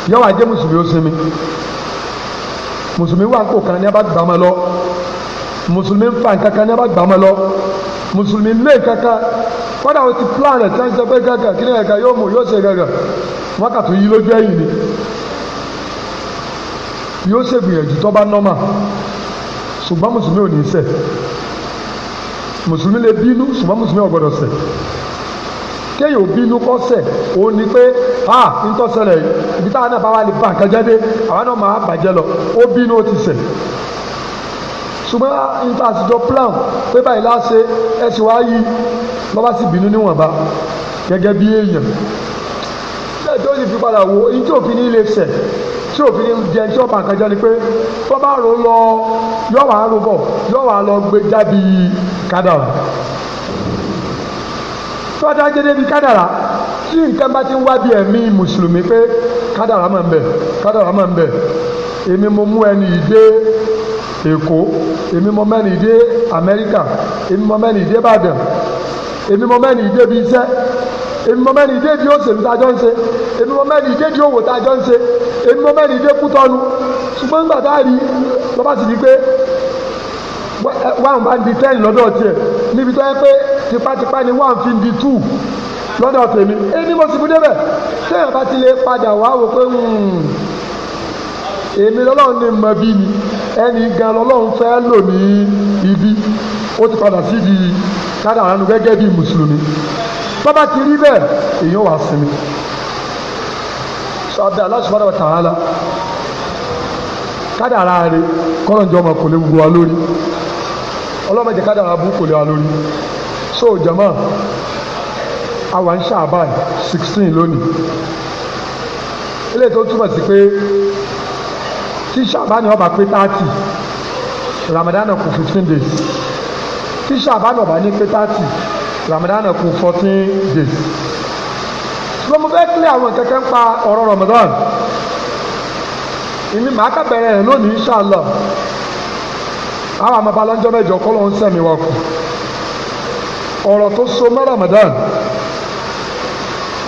yọ̀wọ̀ ajé mùsùlùmí ó sinmi mùsùlùmí wà kó kan ní abá gbàmọ́ lọ mùsùlùmí ń fa nǹkan kan ní abá gbàmọ́ lọ mùsùlùmí lé kaka, kọ́dà o ti plan ẹ̀ tí wọ́n ti sọ pé kankan kí ni kankan yóò mú yóò ṣe kankan wọ́n kà lójú ẹ̀yìn ni yóò ṣe gbìyànjú tó bá nọ́mà ṣùgbọ́n mùsùlùmí ò ní ṣẹ̀ mùsùlùmí lè bínú ṣùgbọ́n mùsùlùmí ò gbọ́dọ̀ ṣẹ̀ kéèyàn bínú kọ́ ṣẹ̀ òun ni pé a ń tọ́ ṣẹlẹ̀ ibi táwọn náà bá wà lè ba nǹkan jẹ́ dé àwọn náà máa bàjẹ́ lọ ó bínú ó ti ṣẹ̀ ṣùgbọ́n nípa àtijọ́ plan pé báyìí láṣẹ ẹ sì wá yí bàbá sì bínú níwọ̀nba gẹ́gẹ́ bí èèyàn tó sì fi padà wo ní tí òfin ní ilé ṣẹ̀ tí òfin ní jẹ tí ọ̀pá àkànjọ ni pé tó bá rò lọ yọ wàá rò bọ̀ yọ wàá lọ gbé jábì kádàrà tó bá dájé débi kádàrà tí nǹkan bá ti ń wá bí ẹ̀mí mùsùlùmí pé kádàrà máa ń bẹ kádàrà máa ń bẹ èmi mo mú ẹni yìí èkó èmi mọ mẹ́rin dé amẹ́ríkà èmi mọ mẹ́rin dé ìbàdàn èmi mọ mẹ́rin dé ibi iṣẹ́ èmi mọ mẹ́rin dé di òṣèlú tá a jọ ń ṣe èmi mọ mẹ́rin dé di òwò tá a jọ ń ṣe èmi mọ mẹ́rin dé kútọ́nu ṣùgbọ́n nígbà tá a rí lọ́ba sì di pé wọ́n bá di ten lọ́dọ̀ tiẹ̀ níbi tó yẹ pé tipátipá ni wọ́n fi di two lọ́dọ̀ tèmi èmi mo sì fi débẹ̀ bá ti lè padà wá wò pé hmm, èmi lọ́lọ́run ní mọ bí ni ẹni gan lọ́lọ́run fẹ́ lò ní ibi ó ti padà síbi kádàrá nu gẹ́gẹ́ bí mùsùlùmí bàbá ti rí bẹ́ẹ̀ èèyàn wà sinmi sọ abẹ́ Allah subhanahu wa ta'ala kádàrá rẹ kọ́lọ́njọ́ ọmọ kò lè wù wá lórí ọlọ́mọdé kádàrá bú kò lè wá lórí so jama àwa ń ṣàbàn sixteen lónìí eléyìí tó túmọ̀ sí pé tí sàbáni ọba pé thirty ramadan kù fifteen days tí sàbáni ọba ní pé thirty ramadan kù fourteen days ṣùgbọ́n mo fẹ́ kílẹ̀ àwọn kẹ̀kẹ́ ń pa ọ̀rọ̀ ramadan èmi màá kà bẹ̀rẹ̀ rẹ̀ lónìí inshallah àwọn àmàbà lọ́jọ́ mẹ́jọ kọ́ ló ń sẹ̀mí wa kù ọ̀rọ̀ tó so mọ́ Ramadan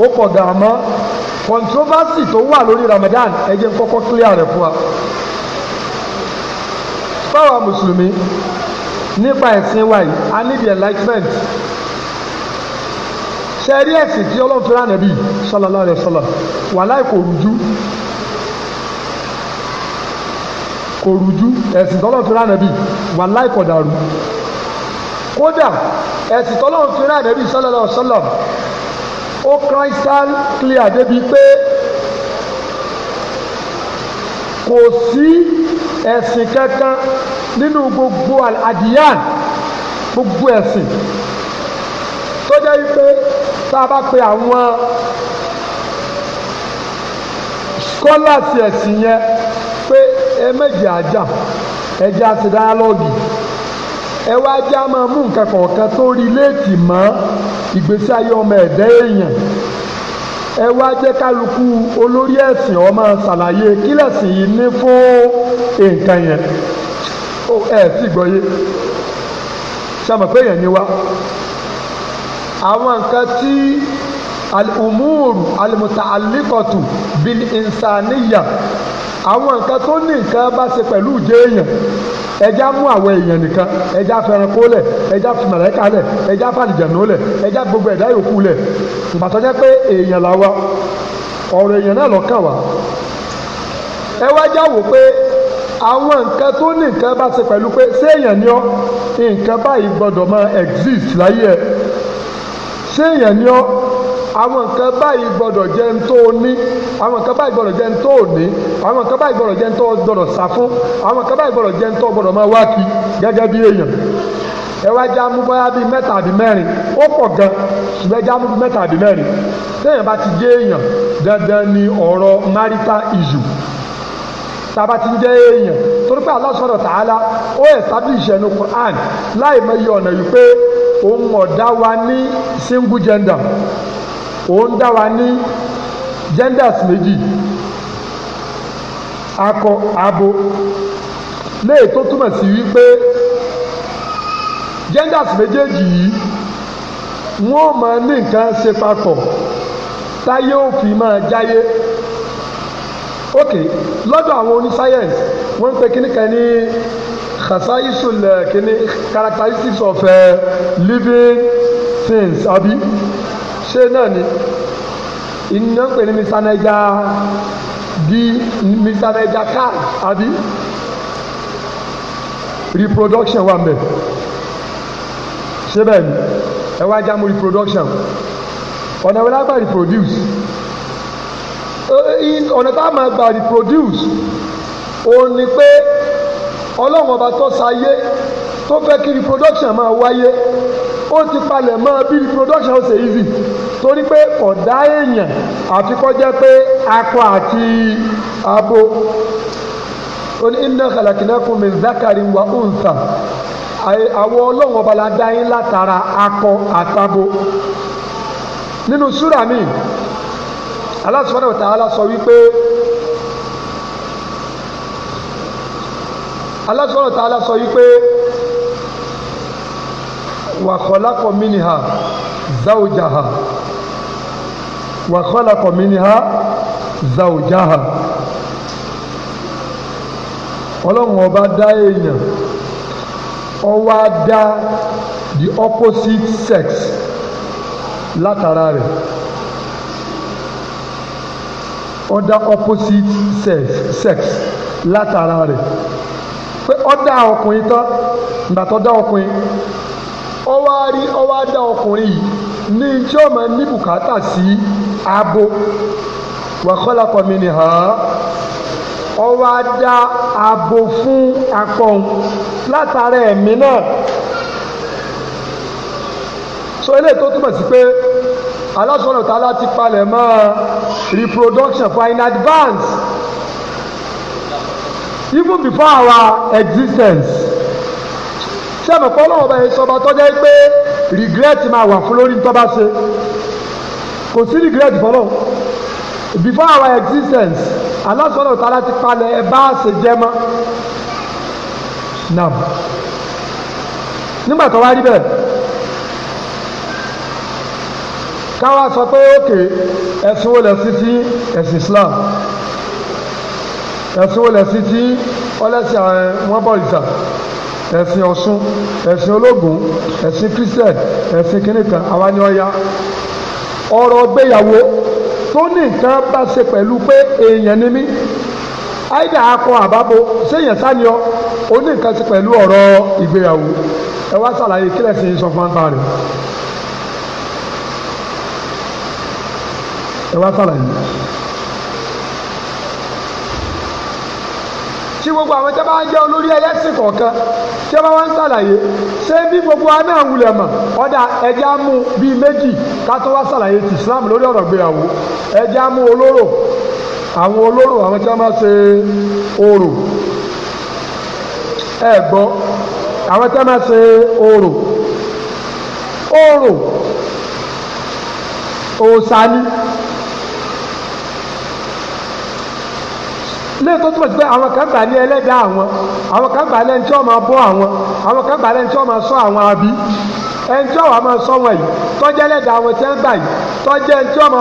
ó pọ̀ gàmọ́ controversy tó wà lórí Ramadan ẹ jẹ́ kọ́kọ́ clear rẹ̀ fún wa sọ̀rọ̀ mùsùlùmí nípa ẹ̀sìn wa yìí a need enlightenment ṣe rí ẹ̀sìn tí ọlọ́run fi ránà bíi sallallahu alaihi wasallam wàláì kò rújú kò rújú ẹ̀sìn tọ́lọ́run fi ránà bíi wàláì kò dàrú kódà ẹ̀sìn tọ́lọ́run fi ránà bíi sallallahu alaihi ó crystal clear débi pé kò sí ẹ̀sìn kankan nínú gbogbo àdìyàn gbogbo ẹ̀sìn tó jẹ́ wípé tá a bá pe àwọn scholars ẹ̀sìn yẹn pé ẹ méjì àjà ẹjẹ́ àti ẹ wá jẹ́ àmọ́ mú nǹkan kọ̀ọ̀kan tó rí léètì mọ́ ìgbésí ayé ọmọ ẹ̀dá èèyàn ẹ wá jẹ́ kálukú olórí ẹ̀sìn ó máa ṣàlàyé kílẹ̀sìn yìí ní fún nǹkan yẹn ẹ sì gbọ́ yé sọmọ pé yẹn ni wá àwọn nǹkan tí al-umur al-muta'alliqatu bil-insaniya àwọn nǹkan tó ní nǹkan bá ṣe pẹ̀lú ìjẹ́ ẹja mú àwọn èèyàn nìkan ẹja fẹranko lẹ̀ ẹja màláíkà lẹ̀ ẹja fàlìjànú lẹ̀ ẹja gbogbo ẹ̀dá yòókù lẹ̀ ìbàtọ́ jẹ́ pé èèyàn làwa ọ̀rọ̀ èèyàn náà lọ́kàn wá ẹ wá já wò pé àwọn nǹkan tó ní nǹkan bá ṣe pẹ̀lú pé séèyàn ni ọ́ nǹkan báyìí gbọ́dọ̀ máa exist láyé ẹ séèyàn ni ọ́ àwọn nǹkan báyìí gbọ́dọ̀ jẹ́ ń tó ní àwọn nǹkan báyìí gbọ́dọ̀ jẹ́ ń tó ní àwọn nǹkan báyìí gbọ́dọ̀ jẹ́ ń tó gbọ́dọ̀ sá fún àwọn nǹkan báyìí gbọ́dọ̀ jẹ́ ń tó gbọ́dọ̀ máa wá kí gẹ́gẹ́ bí èèyàn ẹ wá já mú bóyá bíi mẹ́ta àbí mẹ́rin ó pọ̀ gan ṣùgbọ́n ẹ já mú mẹ́ta àbí mẹ́rin téèyàn bá ti jẹ́ èèyàn dandan ni ọ̀rọ̀ marita issue tàbá ti ń jẹ́ èèyàn torí pé Allah subhanahu ta'ala ó establish ẹnu Quran láì mọ iye ọ̀nà yìí pé òun ọ̀dá wa ní single gender òun dá wa ní genders méjì akọ abo léè tó túmọ̀ sí wípé genders méjèèjì yìí wọ́n máa ní nǹkan ṣe papọ̀ táyé ó fi máa jáyé ok lọ́dọ̀ àwọn onísáyẹ̀nsì wọ́n ń pe kíní kan ní khasaisul kíní characteristics of uh, living things àbí. Uh, ṣe náà ni iná pè ní mr naija di mr naija card àbí reproduction wà mbẹ ṣé bẹ́ẹ̀ ni ẹ wá jámú reproduction ọ̀nà ìwé lágbà reproduce ọ̀nà tá a máa gbà reproduce òun ni pé ọlọ́run ọba tó sáyé tó fẹ́ kí reproduction máa wáyé ó ti palẹ̀ mọ́ bí production ó ṣe easy torí pé ọ̀dá èèyàn àfi kó jẹ́ pé akọ àti abo ó ní inna khalaqnakum min dhakarin wa untha àwọn ọlọ́run ọba la dá yín látara akọ àtabo nínú súrà mi Allah subhanahu wa ta'ala sọ wípé Allah subhanahu wa ta'ala sọ wípé. وخلق منها زوجها وخلق منها زوجها ọlọ́run ọba dá èèyàn ó wá dá the opposite sex látara rẹ̀ ó opposite sex sex látara rẹ̀ pé ó dá ọkùnrin tán ìgbà dá ọkùnrin ọwọ́ rí ọwọ́ dá ọkùnrin yìí ní tí ó ní bùkátà sí abo wàhálà kọ́mi ni hàn án ọwọ́ adá abo fún apọ̀n látara ẹ̀mí náà so eléyìí tó túmọ̀ sí pé aláṣọ́nà tá a láti palẹ̀ mọ́ reproduction for in advance even before our existence sẹ́mi pọ́lọ́ ọba yẹn sọba tọ́jà yìí pé regret máa wà fún lórí tọ́ba ṣe kò sí regret fọlọ́ before our existence alásọ̀rọ̀ tààrà ti palẹ̀ ẹ bá ṣe jẹ́ mọ́ nam nígbà tó wá rí bẹ́ẹ̀ káwa sọ pé òkè ẹ̀sìn wo lẹ̀ sí ti ẹ̀sìn Islam ẹ̀sìn wo lẹ̀ sí ti ọlẹ́sìn àwọn wọn bọ̀ ìsà ẹ̀sìn ọ̀ṣun ẹ̀sìn ológun ẹ̀sìn christian ẹ̀sìn kìnìkan àwa ni ọ̀ya ọ̀rọ̀ gbéyàwó tó ní nǹkan bá ṣe pẹ̀lú pé èèyàn ni mí àìdá akọ àbábo séèyàn sáni ọ ó ní nǹkan ṣe pẹ̀lú ọ̀rọ̀ ìgbéyàwó ẹ wá ṣàlàyé kílẹ̀ sí sọ fáńfà rẹ̀ ẹ wá ṣàlàyé. tí gbogbo àwọn tẹ́ bá ń jẹ́ olórí ẹlẹ́sìn kọ̀ọ̀kan tí wọ́n wá ń ṣàlàyé ṣé bí gbogbo wa náà wulẹ̀ mọ̀ ọ̀dà ẹ̀jẹ̀ á mú bíi méjì ká tó wá ṣàlàyé ti Islam lórí ọ̀rọ̀ gbéyàwó ẹ̀jẹ̀ á mú olóró àwọn olóró àwọn tí wọ́n máa ṣe orò ẹ̀ gbọ́ àwọn tí wọ́n máa ṣe orò orò òòṣà lẹ́yìn tó túmọ̀ sí pé àwọn kan gbà ní ẹlẹ́dàá àwọn àwọn kan gbà lẹ́ni tí wọ́n máa bọ́ àwọn àwọn kan sọ àwọn abi ẹni tí sọ wọn yìí ẹlẹ́dàá àwọn tí wọ́n gbà yìí tọ́jẹ́ ẹni tí wọ́n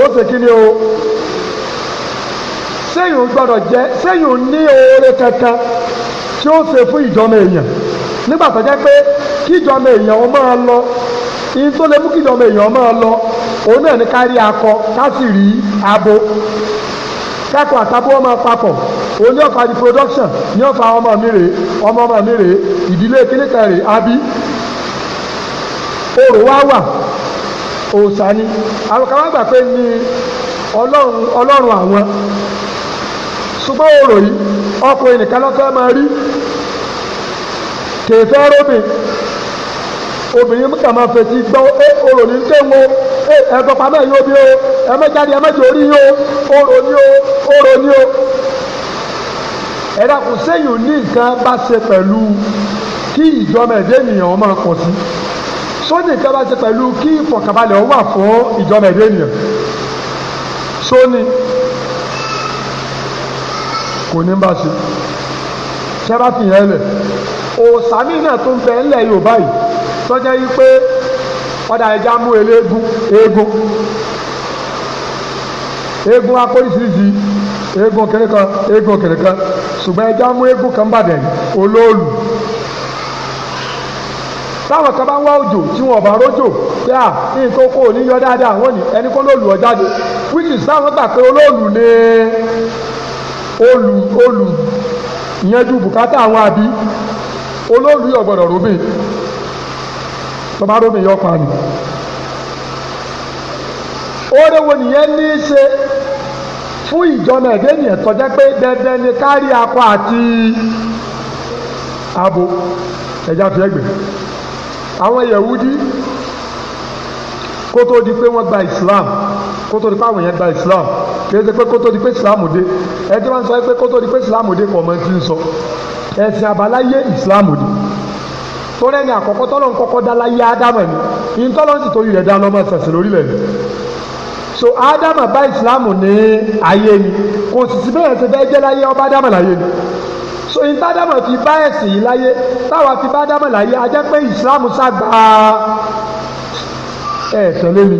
máa fún sẹ́yìn ò gbọ́dọ̀ jẹ́ sẹ́yìn ò ní oore kankan tí ó ṣe fún ìjọba èèyàn nígbà tó jẹ́ pé èèyàn ó máa lọ ihun tó lè mú èèyàn ó lọ òun náà ní karịa akọ ká sì rí abo kẹ́kọ̀ọ́ àtàbọ̀ ọmọ papọ̀ òun ní ọ̀fà di ní ọ̀fà ọmọ mi ọmọ ọmọ mi ìdílé kíníkà abí wá wà ni àwọn ṣùgbọ́n ọ̀rọ̀ yìí ọkùnrin nìkan lọ́fẹ́ máa rí kèéfẹ́ rómi obìnrin mú kàmá fèsì gbọ́ ẹ ọ̀rọ̀ ní tẹ́wọ́ ẹ ẹ̀gbọ́ pamẹ́ yóò bí o ẹ mẹ́jáde ẹ mẹ́jọ orí yóò ọ̀rọ̀ ni o ọ̀rọ̀ ni o ẹ̀dá kò séyìn ní nǹkan bá ṣe pẹ̀lú kí ìjọba ẹ̀dẹ́ ènìyàn máa pọ̀ sí sóní nǹkan bá ṣe pẹ̀lú kí ìfọ̀kànbalẹ̀ wà fún ìjọba ènìyàn sóní. So, kò ní bá ṣe ṣẹ́bá fi yẹn lẹ̀ òsàmì náà tó ń bẹ ńlẹ̀ Yorùbá yìí tọ́jà yìí pé ọ̀dà ẹja mú eléégún eégún eégún akóríṣiríṣi eégún kéré kan eégún kéré kan ṣùgbọ́n ẹja mú eégún kan bàdẹ̀ olóòlù táwọn kan bá ń wá òjò tí wọn bá rójò pé à nǹkan kó yọ dáadáa wọn ni ẹni kó lóòlù ọ jáde which is gbà pé olóòlù ni olù olù yanjú bùkátà àwọn àbí olóòlù yóò gbọ́dọ̀ róbìn tọ́ba róbìn yóò pa nù. oore wo nìyẹn ní í ṣe fún ìjọba ẹ̀dẹ́ nìyẹn tọ́já pé dandan ni kárí akọ àti abo ẹja fi ẹgbẹ́ àwọn yẹ̀wúdí kótó di pé wọ́n gba Islam kótó di pé àwọn yẹn gba Islam kì í ṣe pé kótó di pé Islam dé ẹ tí wọ́n sọ pé kótó di pé islam dé kọ̀ ọmọ tí ń sọ ẹ̀sìn àbáláyé islam dé torí ẹni àkọ́kọ́ tọ́lọ́ kọ́kọ́ dá láyé ádámà ni ìtọ́lọ́ sì torí rẹ̀ dá lọ́mọ sẹ̀sẹ̀ lórílẹ̀ ni so ádámà bá islam ní ayé ni kò sì sí bẹ́ẹ̀ ṣe fẹ́ jẹ́ láyé ọba ádámà láyé ni so ìtàdámà fi bá ẹ̀sìn yìí láyé táwa fi bá ádámà láyé a jẹ́ pé islam ságbà ẹ̀ tẹ̀lé mi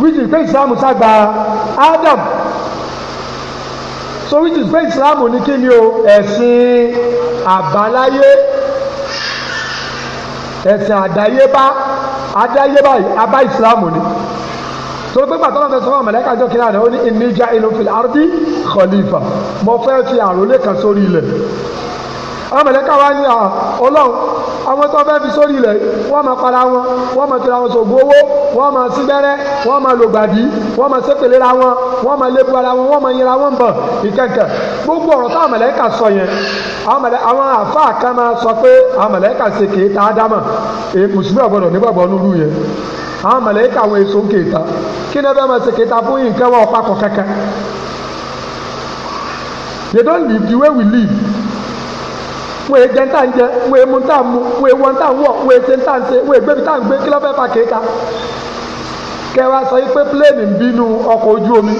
wíjì pé islam ságbà ádámà so which is pé islam ní kí ni o ẹ̀sìn àbáláyé ẹ̀sìn àdáyébá àdáyébá abá islam ni torí pé gbàtọ́ náà fẹ́ sọ fún àmàlẹ́kà jọ kí náà ní ìníjà ìlú fìlà àrùdí khalifa mo fẹ́ fi àròlé kan sórí ilẹ̀ àwọn mẹ̀lẹ́kà ní ọlọ́run àwọn tó fẹ́ fi sórí ilẹ̀ wọ́n máa para wọn wọ́n máa tẹ̀ra wọn sògùn owó wọ́n máa sígbẹ́rẹ́ wọ́n máa lògbàdì wọ́n máa sépèlé wọn wọ́n máa lébu ara wọn wọ́n máa yẹra wọn bọ̀ ìkẹ̀kẹ̀ gbogbo ọ̀rọ̀ táwọn mẹ̀lẹ́kà sọ yẹn àwọn àfáà kan máa sọ pé àwọn ṣe kéèta ádámà èyí mùsùlùmí ọ̀gbọ́dọ̀ nígbàgbọ́ nílùú yẹn àwọn mẹ̀lẹ́kà àwọn èso kéèta kí ni ẹ máa ṣe kéèta fún yìí kẹ́wọ́ ọ̀pá kọ̀ọ̀kẹ́kẹ́ they don't live the way we live wọ́n èé jẹ ń tà ń jẹ wọ́n èé mu ń tà ń mu wọ́n èé wọ ń tà ń wọ̀ wọ́n èé ṣe ń tà ń ṣe wọ́n èé gbé mi tà ń gbé kí ló fẹ́ fà kéka. kẹwàá sọ pé pílẹ́ẹ̀nì ń bínú ọkọ̀ ojú omi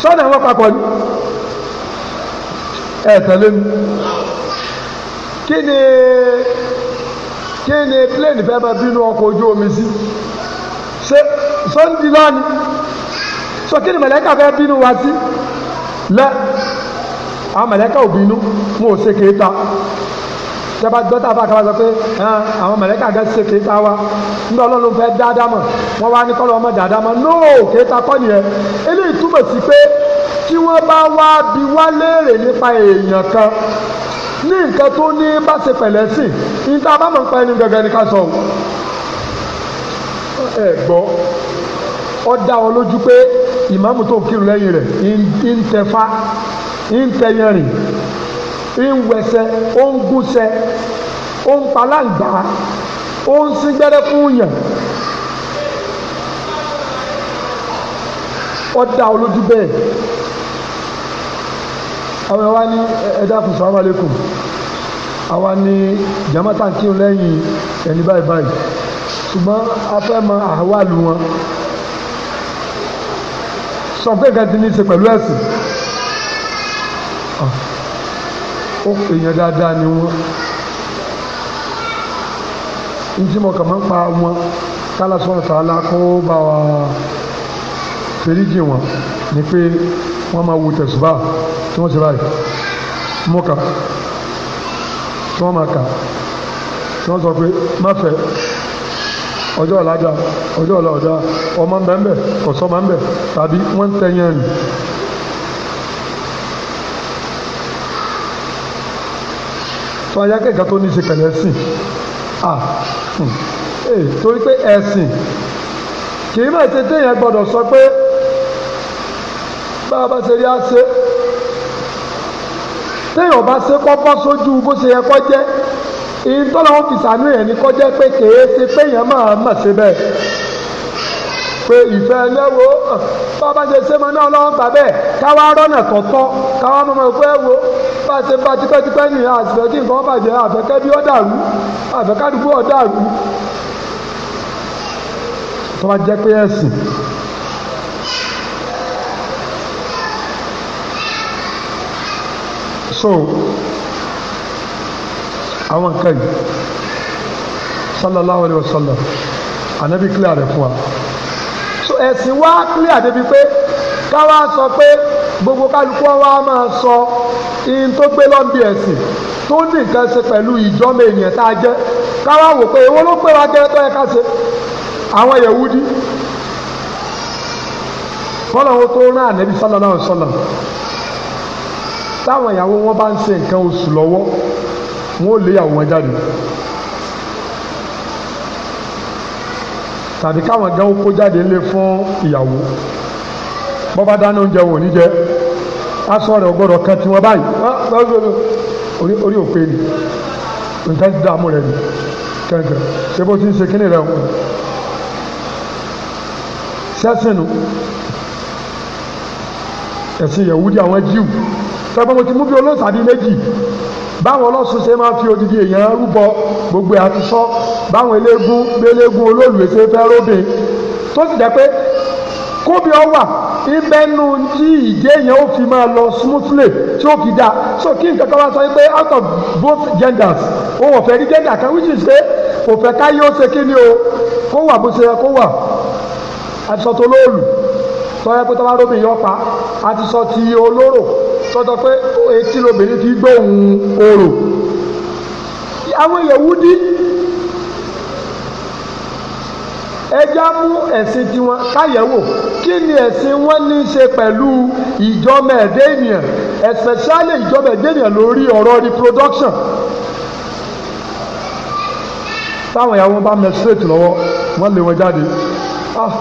sọ́nà àwọn papọ̀ ni ẹ̀ tẹ̀lé mi kí ni kí ni pílẹ́ẹ̀nì fẹ́ máa bínú ọkọ̀ ojú omi sí ṣe sọ́ndì lọ́ni sọ kí ni mọ̀lẹ́kà fẹ́ bínú wa sí lẹ́ àwọn mẹ̀lẹ́kà ò bínú wọn ò ṣe kéta tẹ́bá gbọ́tà bá kaba sọ pé àwọn mẹ̀lẹ́kà gẹ́gẹ́ ṣe kéta wa nígbà ọlọ́run fẹ́ dáadáa mọ̀ wọ́n wá ní kọ́lọ́ ọmọ dáadáa mọ̀ nóò kéta kọ́ nìyẹn eléyìí túmọ̀ sí pé tí wọ́n bá wá bi wá léèrè nípa èèyàn kan ní nǹkan tó ní bá ṣe pẹ̀lẹ́ sí i níta bá mọ̀ nípa ẹni gẹ́gẹ́ ní ká sọ ẹ gbọ́ ọ dá ọ lójú pé ìmáàmù tó kírun lẹ́yìn rẹ̀ ń tẹfa ń tẹyàn rìn ń wẹsẹ ó ń gúnṣẹ ó ń palàǹgbá ó ń sín gbẹ́rẹ́ fún yàn ọ̀dà olójú bẹ́ẹ̀ àwọn ẹ̀wá ní ẹ̀dá fún sàmà lẹ́kùn àwa ní jamata kí n lẹ́yìn ẹni báyìí báyìí ṣùgbọ́n a fẹ́ àwa lu wọn sọ pé kẹ́kẹ́ ṣe pẹ̀lú ẹ̀sìn. èèyàn dáadáa ni wọ́n ntí mo kàn máa ń pa wọn kálá sọ̀rọ̀ sàálà kó bá wa fèrèjì wọn ni pé wọ́n máa wo tẹ̀sùbà tí wọ́n ti báyìí mo kà tí wọ́n máa kà tí wọ́n sọ pé má fẹ́ ọjọ́ ọ̀la dá ọjọ́ ọ̀la ọ̀dá ọmọ ń bẹ ń bẹ kọ̀sọ́ máa ń bẹ tàbí wọ́n ń tẹ̀yẹ̀ rìn. sanya kẹ́kẹ́ tó ní í ṣe pẹ̀lú ẹ̀sìn ah torí pé ẹ̀sìn kì í máa tètè yẹn gbọ́dọ̀ sọ pé bá a bá ṣe rí àṣẹ téèyàn bá ṣe kọ́kọ́ sójú bó ṣe yẹ kọ́ jẹ́ ìtọ́lá wọn fi sànú yẹn ni kọ́ jẹ́ pé kèé ṣe péyàn máa mọ̀ ṣe bẹ́ẹ̀ pé ìfẹ́ ẹlẹ́wọ̀ bá a bá ṣe ṣe mọ́ náà lọ́wọ́ gbà bẹ́ẹ̀ káwá rọ́nà tọ̀tọ̀ àwọn ọmọ ọmọ ìfẹ́ wo bá ṣe bá tipẹ́tipẹ́ nìyẹn àtìfẹ́ kí nǹkan bàjẹ́ àfẹ́kẹ́ bí ó dàrú àfẹ́kádùgbò ó dàrú. tó bá jẹ́ pé ẹ̀sìn so àwọn nǹkan yìí sallallahu alayhi wa sallam anabi clear rẹ fún wa so ẹ̀sìn wa clear débi pé káwa sọ pé gbogbo kálukú wa máa sọ ihun tó gbé lọ́ndì ẹ̀sìn tó ní nǹkan ṣe pẹ̀lú ìjọ́mọ èèyàn tá a jẹ́ káwá wò pé èwo ló pé wa jẹ́ tó yẹ ká ṣe àwọn Yẹ̀wúdí fọlọ́ wọn tó rán ànábì sallallahu alaihi wasallam táwọn ìyàwó wọn bá ń ṣe nǹkan oṣù lọ́wọ́ wọn ò lé ìyàwó wọn jáde tàbí káwọn gan kó jáde lé fún ìyàwó bọ́ bá dáná oúnjẹ wọn ò ní jẹ aṣọ rẹ̀ ọgbọ́dọ̀ kan tiwọn báyìí ah, orí òpè ni nǹkan ti dààmú rẹ̀ ni kẹ̀kẹ́ ṣé bó ti ń ṣe kíni rẹ̀ wọn sẹ́sìnù ẹ̀sìn yẹ̀wúdí àwọn jíù tẹ́gbọ́n mo ti mú bí olóòsàdí méjì báwọn ọlọ́sùn ṣe máa fi odidi èèyàn rúbọ gbogbo ẹ̀ àti sọ́ báwọn eléégún gbéléégún olóòlù ṣe fẹ́ róbìn tó sì jẹ́ pé kóbi ọ wà ìbẹ́nu tí ìjẹ́ yẹn ó fi máa lọ smoothly tí ó fi dáa so kí nǹkan kan wá sọ pé out of both genders òun ò fẹ́ rí gender kan which is pé kò fẹ́ káyé ó ṣe kí ni o kó wà bó ṣe yẹ kó wà àtisọ́ tó lóòlù tọ́yẹ pé tọ́ba rómi yọ pa àtisọ́ olóró tọ́jọ́ pé etí lobìnrin fi gbóhùn orò àwọn Yẹ̀wúdí. ẹja mú ẹ̀sìn tiwọn káyẹ̀wò kí ni ẹ̀sìn wọn ní í ṣe pẹ̀lú ìjọba ẹ̀dá ènìyàn especially ìjọba ẹ̀dá ènìyàn lórí ọ̀rọ̀ reproduction táwọn ìyàwó bá menstruate lọ́wọ́ wọ́n lé wọn jáde ah!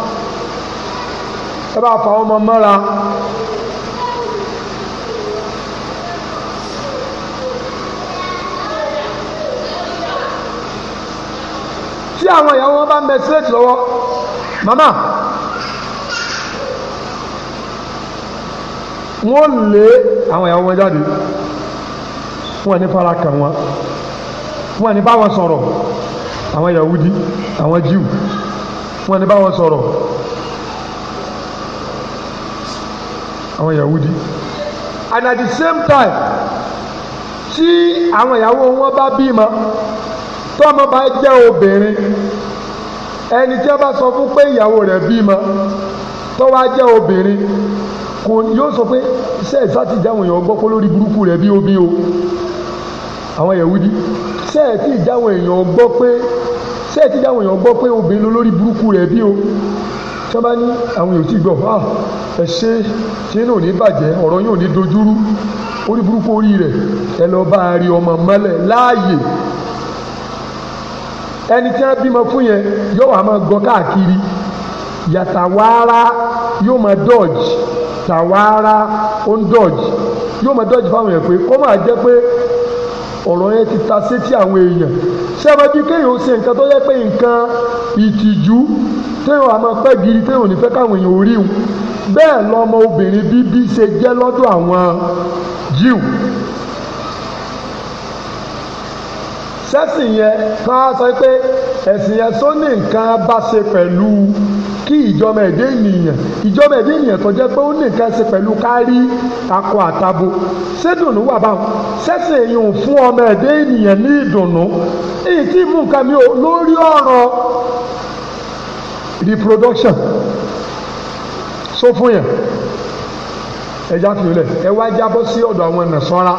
ẹ bá fa ọmọ mọ́ra tí àwọn ìyàwó wọn bá ń bẹ sílẹ̀tì lọ́wọ́ màmá wọ́n lé àwọn ìyàwó wọn jáde wọ́n ní fara kàn wọn wọ́n ní báwọn sọ̀rọ̀ àwọn Yahudi àwọn Jew wọ́n ní báwọn sọ̀rọ̀ àwọn Yahudi and at the same time tí àwọn ìyàwó wọn bá bímọ tọ́mọ bá jẹ́ obìnrin ẹni tí a bá sọ fún pé ìyàwó rẹ̀ bímọ tó wá jẹ́ obìnrin kò yóò sọ pé ṣe ẹ̀ sáti jáwọn èèyàn gbọ́ pé lórí burúkú rẹ̀ bí omi o àwọn Yẹ̀wúdí ṣe ẹ̀ tí ìjáwọn èèyàn gbọ́ pé ṣe ẹ̀ tí ìjáwọn èèyàn gbọ́ pé obìnrin lórí burúkú rẹ̀ bí o tí wọ́n bá ní àwọn èèyàn ti gbọ́ ah ẹ ṣe ṣe náà ní bàjẹ́ ọ̀rọ̀ yóò ní dojúrú orí burúkú orí rẹ̀ ẹ lọ bá a rí ọmọ mọ́lẹ̀ láàyè ẹni tí wọ́n bímọ fún yẹn yóò wá máa gbọ́ káàkiri yàtàwárá yóò máa dọ́ọ̀jì tàwárá ó ń dọ́ọ̀jì yóò máa dọ́ọ̀jì fáwọn èèyàn pé kó máa jẹ́ pé ọ̀rọ̀ yẹn ti ta sétí àwọn èèyàn ṣé ẹ bá bí kéèyàn ó ṣe nǹkan tó yẹ pé nǹkan ìtìjú téèyàn àmọ́ pẹ́ gidi téèyàn ò ní fẹ́ káwọn èèyàn ò rí wọn bẹ́ẹ̀ lọmọ obìnrin bíbí ṣe jẹ́ lọ́dọ̀ àwọn jíù sẹ́sìn yẹn ká sọ pé ẹ̀sìn yẹn tó ní nǹkan bá ṣe pẹ̀lú kí ìjọba ẹ̀dẹ́ ènìyàn ìjọba ẹ̀dẹ́ ènìyàn tó jẹ́ pé ó ní nǹkan ṣe pẹ̀lú kárí akọ àtabo ṣédùnnú wà báwọn sẹ́sìn yìí ń fún ọmọ ẹ̀dẹ́ ènìyàn ní ìdùnnú èyí tí mú nǹkan mi ò lórí ọ̀rọ̀ reproduction sọ fún yẹn ẹja fi lẹ ẹ wá jábọ́ sí ọ̀dọ̀ àwọn ẹ̀nà sọ́ra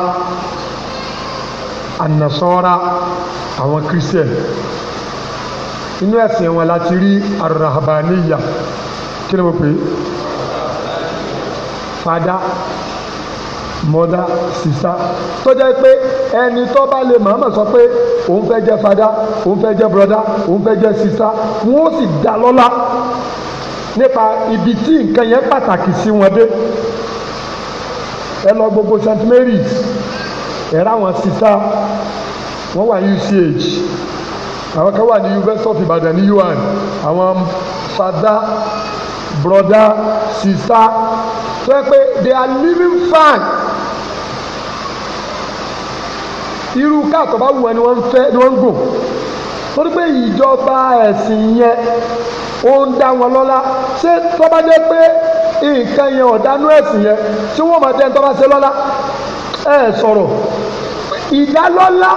ànàsọ́ra àwọn christian inú ẹ̀sìn wọn láti rí arahabaniya kí ni mo pè é fada mọ́dá sísá tó jẹ́ pé ẹni tó bá lè màmá sọ pé òun fẹ́ jẹ́ fada òun fẹ́ jẹ́ broda òun fẹ́ jẹ́ sísá wọ́n ó sì dá lọ́lá nípa ibi tí nǹkan yẹn pàtàkì sí wọn dé ẹ lọ gbogbo St Mary's ẹ̀rọ àwọn sita wọ́n wà ní UCH àwọn kan wà ní University of Ibadan ní UN àwọn fada broda sita tó yẹ pé they are living fine irú káàtó bá wù wọn ni wọ́n ń fẹ́ ni wọ́n ń gùn torí pé ìjọba ẹ̀sìn yẹn ó ń dá wọn lọ́lá ṣé tó bá jẹ́ pé nǹkan yẹn ọ̀dánú ẹ̀sìn yẹn tí wọ́n máa dẹ́n tó bá ṣe lọ́lá ẹ sọ̀rọ̀ ìdálọ́lá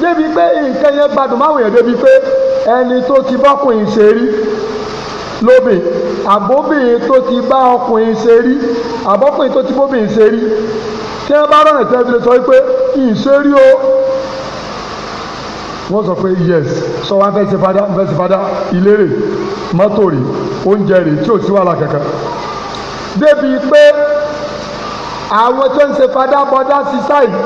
débi pé nǹkan yẹn gbádùn máwùn yẹn débi pé ẹni tó ti bọ́kùnrin ṣe rí lóbìn àbóbìnrin tó ti bá ọkùnrin ṣe rí àbọ́kùnrin tó ti bóbìnrin ṣe rí tí wọ́n bá rọrùn tí wọ́n fi lè sọ pé ìṣerí o wọ́n sọ pé yes sọ wá fẹ́ ṣe fada fẹ́ ṣe fada ilé rẹ̀ mọ́tò rẹ̀ oúnjẹ rẹ̀ tí ò sí wàhálà kankan débi pé àwọn tó ń ṣe fadábọdá ṣiṣá yìí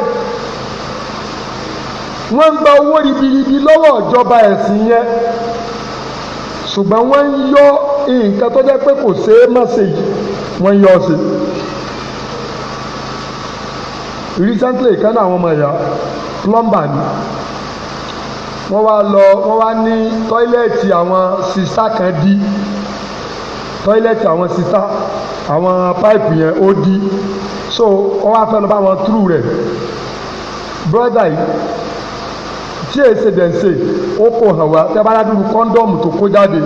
wọ́n ń gba owó ribiribi lọ́wọ́ ìjọba ẹ̀sìn yẹn ṣùgbọ́n wọ́n ń yọ nǹkan tó jẹ́ pé kò ṣeé má ṣe yìí wọ́n ń yọ ọ sí. recently kan náà àwọn ọmọ ẹ̀yà plumber ni wọ́n wá lọ wọ́n wá ní tọ́ílẹ̀tì àwọn sista kan dí tọ́ílẹ̀tì àwọn sista àwọn páìpù yẹn ó dí so wọ́n wá fẹ́ lọ bá wọn túrú rẹ̀ brọ́dà yìí tí èsè dẹ̀nsè ó kò hàn wá tẹ́ bá dádúró kọ́ńdọ́ọ̀mù tó kó jáde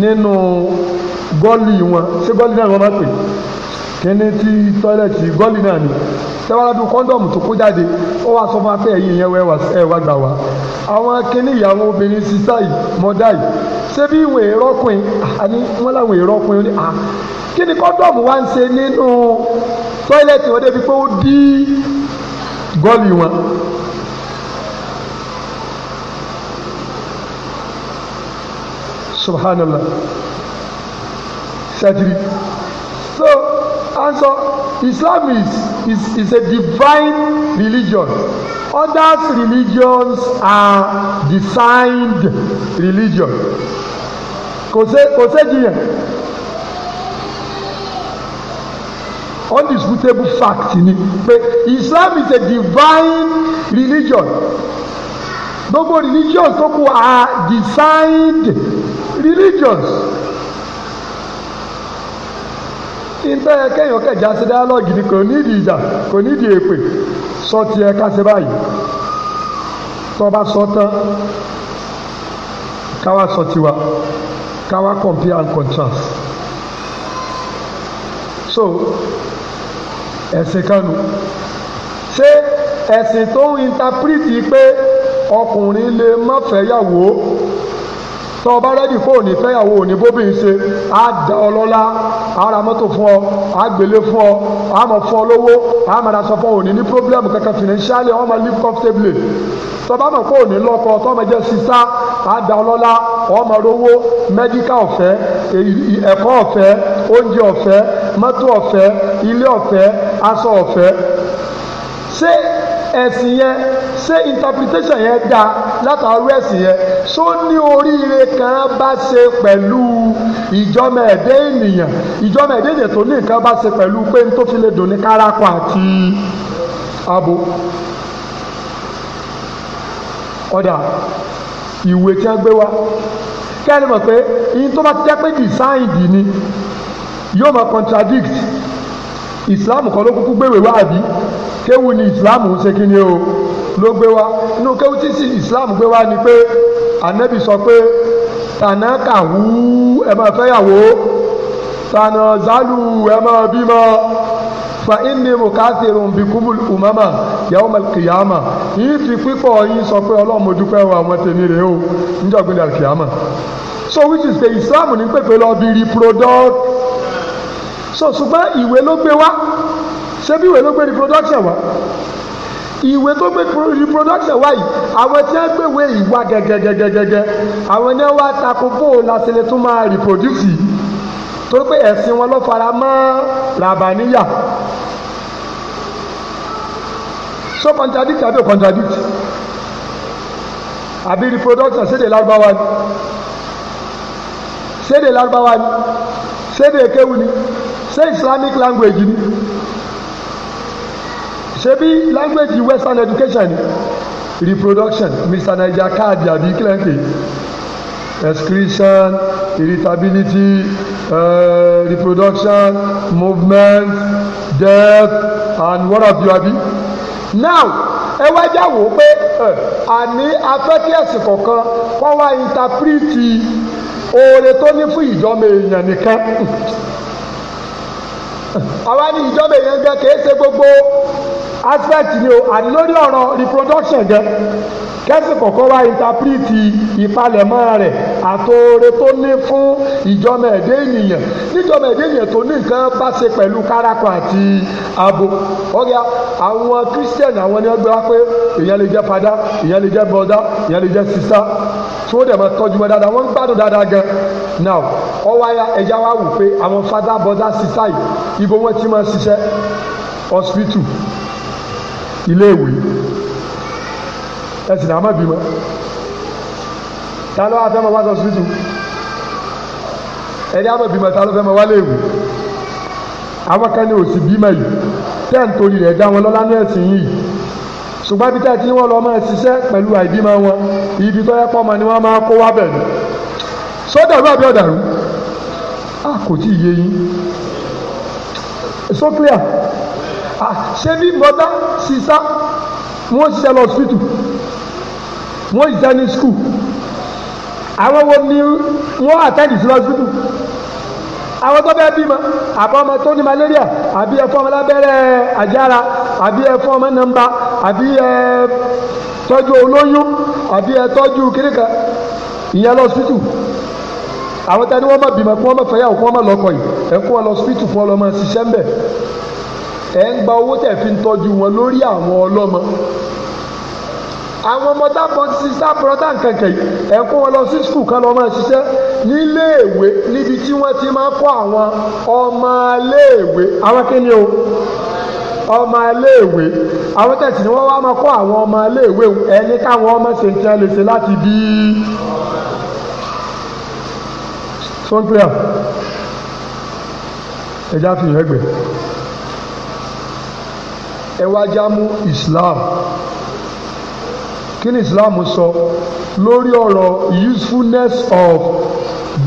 nínú gọ́ọ̀lì wọn ṣé gọ́ọ̀lì náà wọ́n máa pè kíní tí tọ́lẹ̀tì gọ́ọ̀lì náà ni tẹ́ bá dádúró kọ́ńdọ́ọ̀mù tó kó jáde ó wá sọ fún wa ẹ̀yìn ìyẹn ẹ̀ wá gbà wá àwọn kíní ìyàwó obìnrin sísá yìí mọ́dá yìí ṣé bí ìwọ̀n èrọ́kùnrin àní wọ́n láwọn èrọ́kùnrin ní à ah, kí ni kọ́ńdọ̀mù wá ń ṣe nínú tọ́ílẹ̀tì wọn débi pé ó dí gọ́ọ̀lì wọn. subhanallah sadri so answer islam is is is a divine religion others religions are designed religion kò sé kò sé jiyàn. undisputable fact ni pé Islam is a divine religion gbogbo religions tó kù are designed religions ìtẹ́ kẹ́yìn kẹjà sí dialogue ni kò nídìí ìjà kò nídìí èpè sọ ti ẹ ká ṣe báyìí tọ́ba sọ tán káwa sọ tiwa káwa compare and contrast so ẹ̀sìn kanu ṣé ẹ̀sìn tó ń intapiriti pé ọkùnrin lè má fẹ́yàwó tọ́ ọba rẹ́dì fóònù ìfẹ́yàwó òní bóbìnrin ṣe á da ọ lọ́lá á ra mọ́tò fún ọ á gbélé fún ọ á mọ̀ fún ọ lówó á mọ̀ ra sọ fún òní ní pírọ́blẹ́mù kankan financially ọ máa live comfortably tọ́ba mọ̀ pé òní lọ́kọ tọ́ ọmọ jẹ́ sísá á da ọ lọ́lá ọ máa rówó mẹ́díkà ọ̀fẹ́ ẹ̀kọ́ ọ̀fẹ́ oúnjẹ ọ̀fẹ́ mọ́tò ọ̀fẹ́ ilé ọ̀fẹ́ aṣọ ọ̀fẹ́ ṣé ẹ̀sìn yẹn ṣé interpretation yẹn dá látàrí ẹ̀sìn yẹn ṣó ní oríire kan bá ṣe pẹ̀lú ìjọmọ ẹ̀dẹ́ ènìyàn ìjọmọ ẹ̀dẹ́ ènìyàn tó ní nǹkan bá ṣe pẹ̀lú pé n tó fi lè dùn ní kárakọ àti abo ọ̀dà ìwé tí wọ́n gbé wá kẹ́ni mọ̀ pé ìyẹn tó bá ti jẹ́ pé dìsáìdì ni yóò máa contradict Islam kan ló kúkú gbéwèé wá àbí kéwù ni islam ń ṣe kíni o ló gbé wá inú kéwù tí islam gbé wá ni pé anabi sọ pé tànà kàwú ẹ máa fẹ́yàwó tànà zálù ẹ máa bímọ fa inni mukathirun bikumul umama yawmal qiyama yìí fi pípọ̀ yín sọ pé ọlọ́run mo dúpẹ́ o àwọn tèmi rèé o níjọ́ gbé dàrú kìyàmà so which is the islam ní pèpè lọ bí reproduct so ṣùgbọ́n ìwé ló gbé wá ṣebí ìwé ló gbé reproduction wa. ìwé tó gbé reproduction wá yìí àwọn tí wọ́n gbéwé ìwà gẹ́gẹ́gẹ́gẹ́gẹ́ àwọn ni wọ́n takò bóò lásìlẹ̀ tó máa reproduce yìí torí pé ẹ̀sìn wọn ló fara mọ́ làbàníyà so contradict àbí contradict àbí reproduction ṣéde lárúbáwá ni ṣéde lárúbáwá ni de kéwù ni ṣé islamic language ni ṣebí language western education reproduction mr naija káàdì àbí kílẹ̀ excretion irritability uh, reproduction movement death and what have you abi now ẹ wá já wò ó pé eh, àní afẹ́kẹ́sì kọ̀ọ̀kan kọ́ wá intapiriti oore tó ní fún ìjọmọ èèyàn nìkan (laughs) àwa ní ìjọba èèyàn gan kìí ṣe gbogbo aspect ni o àti lórí ọ̀rọ̀ reproduction jẹ́ kẹ́sì kọ̀ọ̀kan wá interprete ìpalẹ̀mọ́ rẹ̀ àtòore tó ní fún ìjọmọ̀ ẹ̀dẹ́ ènìyàn níjọmọ̀ ẹ̀dẹ́ ènìyàn tó ní nǹkan bá ṣe pẹ̀lú kárakọ àti abo ọ̀gá àwọn christian àwọn ni wọ́n gbé wá pé ìyẹn lè jẹ́ fada ìyẹn lè jẹ́ bọ́dá ìyẹn lè jẹ́ sisa tí wọ́n dẹ̀ máa tọ́jú wọn dáadáa wọ́n ń gbádùn dáadáa gan now ọwáyà ẹja wa wù pé àwọn fada bọ́dá sisa yìí ibo wọn ti máa ṣiṣẹ́ hospital iléèwé ẹ̀sìn náà má bímọ ta ló wá fẹ́ mọ wá sọ síbítù ẹni àmọ́ bímọ ta ló fẹ́ mọ wá léèwé àwọn kan ní òsì bímọ yìí tẹ́ ń torí rẹ̀ dá wọn lọ́lá ní ẹ̀sìn yìí ṣùgbọ́n ibi tẹ́tí wọn lọ máa ṣiṣẹ́ pẹ̀lú àìbímọ wọn ibi tó yẹ pọ́mọ ni wọ́n máa kó wá bẹ̀rù sódàrú àbí ọ̀dàrú a kò tí ì yé yín so clear Ah, ṣé bí bọ́dá sísá wọ́n ṣiṣẹ́ lọ hospital wọ́n ṣiṣẹ́ ní school àwọn wo ni wọ́n àtẹ́jì sí lọ hospital àwọn tó bẹ́ẹ̀ bímọ àbọ̀ ọmọ tó ní malaria àbí ẹ̀fọ́ ọmọ lábẹ́rẹ́ àjára àbí ẹ̀fọ́ ọmọ nàmbá àbí ẹ̀ tọ́jú olóyún àbí ẹ̀ tọ́jú kíríkà ìyẹn lọ hospital àwọn tani wọ́n má bímọ kí wọ́n má fẹ́yàwó kí wọ́n má lọ́kọ yìí ẹ̀ hospital fún ọ lọ́mọ ṣiṣẹ́ ẹ̀ ń gba owó tẹ̀ fi ń tọ́jú wọn lórí àwọn ọlọ́mọ àwọn ọmọ sábọ̀rọ̀dá nkankan yìí ẹ̀ kó wọn lọ sí skul kan lọ máa ṣiṣẹ́ níléèwé níbi tí wọ́n ti máa kọ́ àwọn ọmọléèwé àwọn kíni o ọmọléèwé àwọn tẹ̀sí ni wọ́n wá máa kọ́ àwọn ọmọléèwé ẹni káwọn ọmọ ṣe ń tẹ́ lè ṣe láti bí i. sọ́ńpẹ́à ẹ̀já fi hàn ẹgbẹ̀ẹ́. ẹ wá já mú Islam kí ni Islam sọ lórí ọ̀rọ̀ usefulness of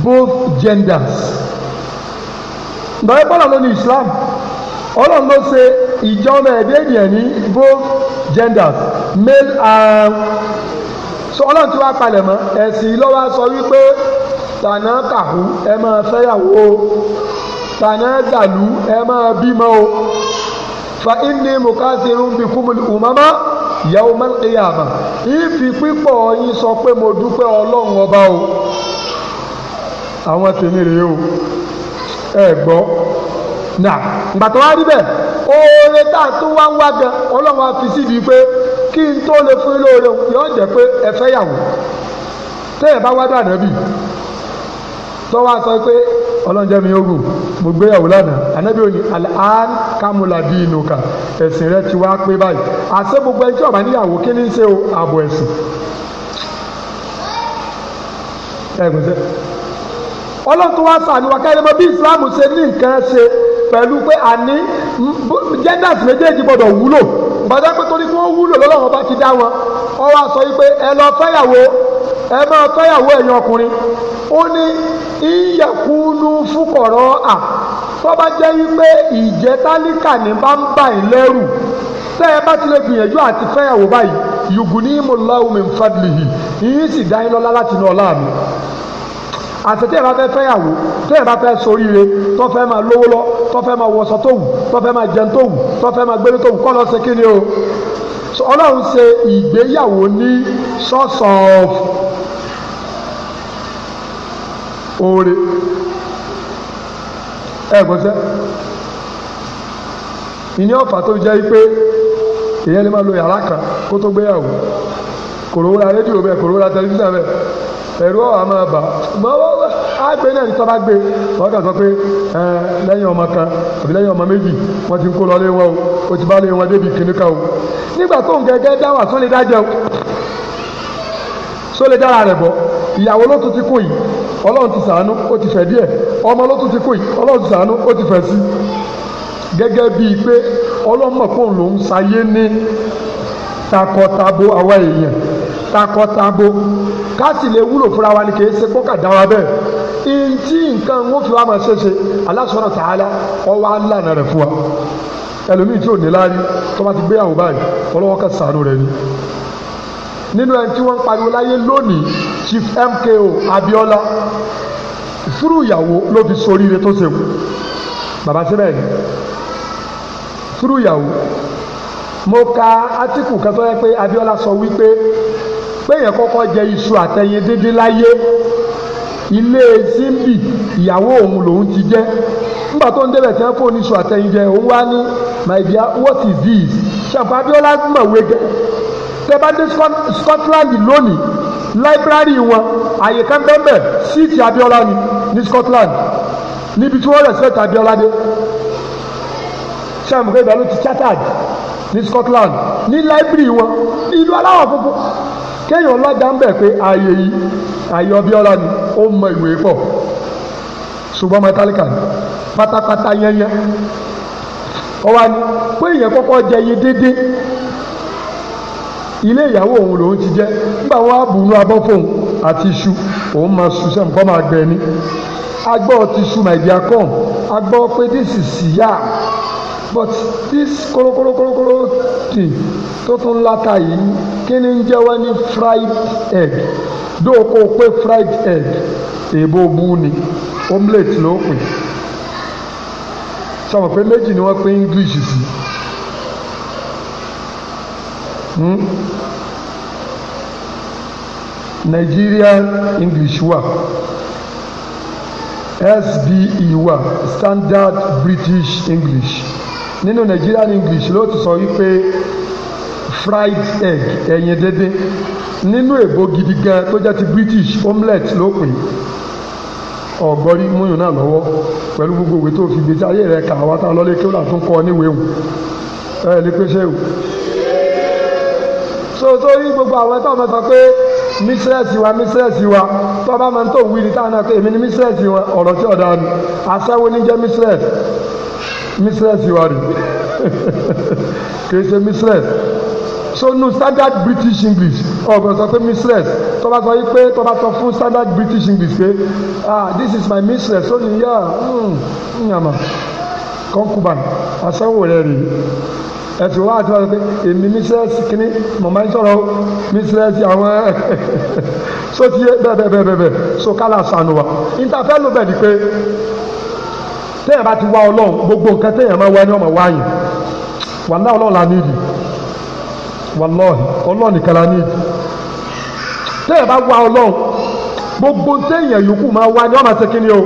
both genders báyìí bọ́lá ló ní Islam ọlọ́run ló ṣe ìjọba ẹ̀dá ènìyàn ní both genders male and so ọlọ́run tí wàá palẹ̀ mọ́ ẹ̀sìn lọ́wọ́ sọ wípé tànà kàhún ẹ máa fẹ́yàwó o tànà dàlú ẹ máa bímọ o فإني مكاثر بكم الأمم يوم القيامة ìfi pípọ̀ yín sọ pé mo dúpẹ́ ọlọ́run ọba o àwọn tèmi rèé o ẹ gbọ́ nà gbàtọ́ wá rí bẹ́ẹ̀ oore tá a tún wá ń wá gan ọlọ́run á fi síbi pé kí n tó lè fún yín lóore yọ̀ọ́ jẹ́ pé ẹ fẹ́ yàwó tẹ́yẹ̀ bá wá bíi. tọ́wọ́ sọ pé ọlọ́njẹ́ mi ogun mo gbéyàwó lánàá ànábì òní alhan kamula bí inú ẹ̀sìn rẹ ti wá pé báyìí àṣẹ gbogbo ẹni tí ọba níyàwó kí ni ṣe àbọ̀ ẹ̀sìn. ẹ̀gbọ́n sẹ́ ọlọ́run tó wá wa káyọ̀ mọ́ bí ṣe ní nǹkan ṣe pẹ̀lú pé àní méjèèjì gbọ́dọ̀ wúlò bàtà pé torí wúlò sọ yìí pé ẹ lọ ẹ máa ó ní ìyẹ̀kúnú fúkọ̀rọ̀ à tó bá jẹ́ wípé ìjẹ́ tálíkà ní bá ń bà yín lẹ́rù tẹ́ ẹ bá ti lè gbìyànjú àti fẹ́yàwó báyìí yùgùnì mọ̀láwù min fadlihi yìí sì dá yín lọ́lá láti inú ọlá mi àti tẹ́ ẹ bá fẹ́ fẹ́yàwó tẹ́ ẹ bá fẹ́ soríire tó fẹ́ máa lówó lọ tó fẹ́ máa wọṣọ tó wù tó fẹ́ máa jẹun tó wù tó fẹ́ máa gbélé tó wù kọ́ ọlọ́run ṣe ìgbéyàwó ní source of oore ẹ̀gbọ́nsẹ́ ìní ọ̀fà tó jẹ́ pé èyàn lè máa lo yàrá kan kó tó gbéyàwó kòrò ra rédíò bẹ́ẹ̀ kòrò ra tẹlifíṣàn bẹ́ẹ̀ ẹ̀rú ọ̀hà máa bà bọ́wọ́ àgbẹ̀ náà ní sábà gbé wọ́n kà sọ pé ẹ lẹ́yìn ọmọ kan àbí lẹ́yìn ọmọ méjì wọ́n ti ń kó lọ lé wọn o o ti bá lé wọn débi kìnní o nígbà tó ń gẹ́gẹ́ dá wà sólè dájẹ́ o sólè dára rẹ̀ bọ̀ ìyàwó ló tún ti kó yìí ọlọ́run ti sàánú ó ti fẹ̀ díẹ̀ ọmọ ló tún ti kú yìí ọlọ́run ti sàánú ó ti fẹ̀ sí gẹ́gẹ́ bíi pé ló ń sayé takọtabo àwa èèyàn takọtabo ká sì lè wúlò fúnra wa ni kì í ṣe kó kà dá wa bẹ́ẹ̀ ntí nǹkan wọn fi wá máa ṣe ṣe ọwọ́ rẹ̀ fún wa ẹlòmíì tí ò ní tó bá ti báyìí ọlọ́wọ́ kan rẹ̀ ni. nínú ẹni tí wọ́n ń pariwo láyé lónìí Chief MKO Abiola fúrú ìyàwó ló fi soríire tó ṣe kù bàbá síbẹ̀ ni fúrú ìyàwó mo ka átíkù kan yẹ pé Abiola sọ wípé pé èèyàn kọ́kọ́ jẹ iṣu àtẹyin díndín láyé ilé Simbi ìyàwó òun lòun ti jẹ nígbà tó ń débẹ̀ tí wọ́n fóònù iṣu àtẹyin jẹ òun wá ní my dear what is this ṣàǹfà Abiola mọ̀wé gẹ́gẹ́ tẹ́ bá dé Scotland lónìí láìbírárì wọn àyè kan bẹ́ẹ̀ síìtì Abíọ́lá ni ní Scotland níbi tí wọ́n respect Abíọ́lá dé sàmù kẹ́bí ló ti chartered ní Scotland ní láìbírì wọn ìlú aláwọ̀ funfun kéèyàn lọ́jà ń bẹ̀ pé ààyè yìí ààyè Abíọ́lá ni ó mọ ìwé pọ̀ ṣùgbọ́n mẹtálíkà ni pátápátá yẹnyẹn ọwọ́ ni pé èèyàn kọ́kọ́ jẹ iye déédéé ilé ìyàwó òun lòun ti jẹ nígbà wọn á bùnú abọ́ fóun àti iṣu òun máa sùn sẹ́mu kọ́ máa gbẹ ni agbọ́ ti iṣu my dear come agbọ́ pé this is yà but this kólókólókólókóló tì tó tún láta yìí kí ń jẹ́ wá ní fried egg dóòkó pé fried egg èèbó bú ni omelette ló pè sọ̀rọ̀ pé méjì ni wọ́n pè English sí. Si fún Nigerian English wà SBE wa Standard British English nínú Nigerian English ló ti sọ wípé fried egg ẹyin dédé nínú èbó gidi gan tó jẹ́ ti British omelette ló pè ọ̀gbọ́rí múyùn náà lọ́wọ́ pẹ̀lú gbogbo òwe tó fi gbèsè ayé rẹ̀ kà wá tá a lọ́lé kí ó là tún kọ́ níwèé wò ẹ lè pèsè o so torí gbogbo àwọn tó ọmọ sọ pé mistress wa mistress wa tó bá máa ń tó wí ni táwọn náà pé èmi ni mistress wa ọ̀rọ̀ tí ọ̀dà ni aṣẹ́wó ní jẹ́ mistress mistress wa rí (laughs) kìí ṣe mistress so no standard British English ọ̀gbọ̀n sọ pé mistress tó bá sọ yí pé tó bá sọ fún standard British English pé ah this is my mistress ó ní yá ń hmm, hmm, yàmà concubine aṣẹ́wó rẹ̀ rèé ẹ̀sìn wá àti wá sọ pé èmi mísírẹ́sì kínní mọ̀mọ́ ń sọ̀rọ̀ mísírẹ́sì àwọn sóti (laughs) bẹ́ẹ̀ bẹ́ẹ̀ bẹ́ẹ̀ so kálá sànù wa ìtafẹ́ ló bẹ̀ ni pé téèyàn bá ti wá ọlọ́run gbogbo nǹkan téèyàn máa wá ni ọmọ wáyìn wàlá ọlọ́run la nídìí wàlọ́ọ̀hì ọlọ́run nìkan la nídìí téèyàn bá wá ọlọ́run gbogbo téèyàn yòókù máa wá ni ọmọ ṣe kíni o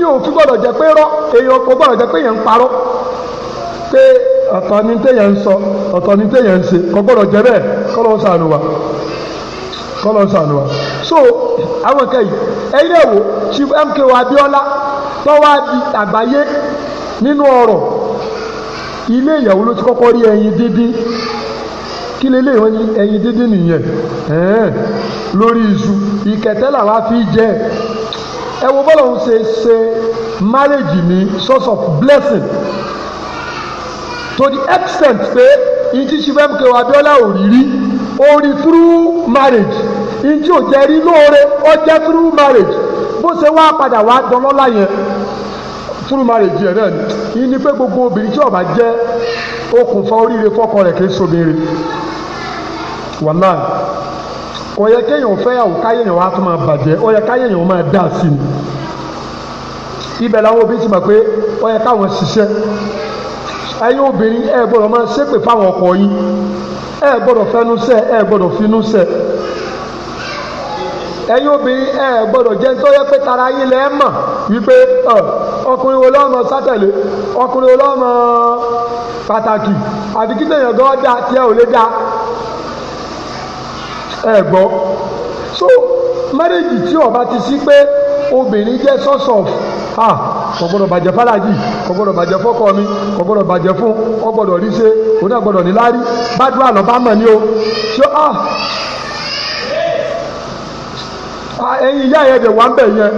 ní òfin gbọ́dọ̀ jẹ́ pé rọ́ èèyàn kò gbọ́dọ̀ jẹ́ pé èèyàn ń parọ́ pé ọ̀tọ̀ ni téèyàn ń sọ ọ̀tọ̀ ni téèyàn ń ṣe kò gbọ́dọ̀ jẹ́ bẹ́ẹ̀ kọ́lọ́ sànù wa kọ́lọ́ sànù wa so àwọn kẹyì ẹ̀yin ẹ̀wò Chief MKO Abiola tọ́wá di àgbáyé nínú ọ̀rọ̀ ilé ìyàwó ló ti kọ́kọ́ rí ẹyin dídín kí lélẹ̀ ẹyin dídín nìyẹn lórí iṣu ìkẹtẹ́ làwa fi jẹ ẹ wo bọ́lá ṣe ṣe marriage ní source of blessing to the extent pé ìdí ṣífẹ́mùkẹ́ wa Abíọ́lá ò rí rí orin through marriage ìdí ò jẹ́ rí lóore ó jẹ́ through marriage bó ṣe wá padà wá dọlọ́lá yẹn through marriage yẹn náà ni ní pé gbogbo obìnrin tí ó bá jẹ́ okùnfà oríire fọ́kọ rẹ̀ kì í sobìnrin wàláì ó yẹ kéèyàn fẹ́yàwó káyéèyàn wá tó máa bàjẹ́ ó yẹ káyéèyàn máa dà sí i ibẹ̀ làwọn òbí ti mọ̀ pé ó yẹ káwọn ṣiṣẹ́ ẹ̀yin obìnrin ẹ gbọ́dọ̀ máa ṣépè fáwọn ọkọ yín ẹ gbọ́dọ̀ fẹnu sẹ ẹ gbọ́dọ̀ finú sẹ ẹ̀yin obìnrin ẹ gbọ́dọ̀ jẹ́ nítorí pé tara yín lẹ mọ̀ wípé ọkùnrin wo lọ́mọ sátẹ̀lé ọkùnrin wo lọ́mọ pàtàkì àbí kí tèèyàn gan dá tiẹ̀ ò lè dá ẹ gbọ́ so marriage tí ó bá ti sí pé obìnrin jẹ́ source of ah kò gbọ́dọ̀ bàjẹ́ fàlàjì kò gbọ́dọ̀ bàjẹ́ fọ́kọ mi kò gbọ́dọ̀ bàjẹ́ fún ọ gbọ́dọ̀ rí ṣe òun náà gbọ́dọ̀ ní láárí bàdúrà lọ bá mọ̀ ní o ṣé ọ ẹyin ìyá yẹn dẹ̀ wá ń bẹ̀ yẹn.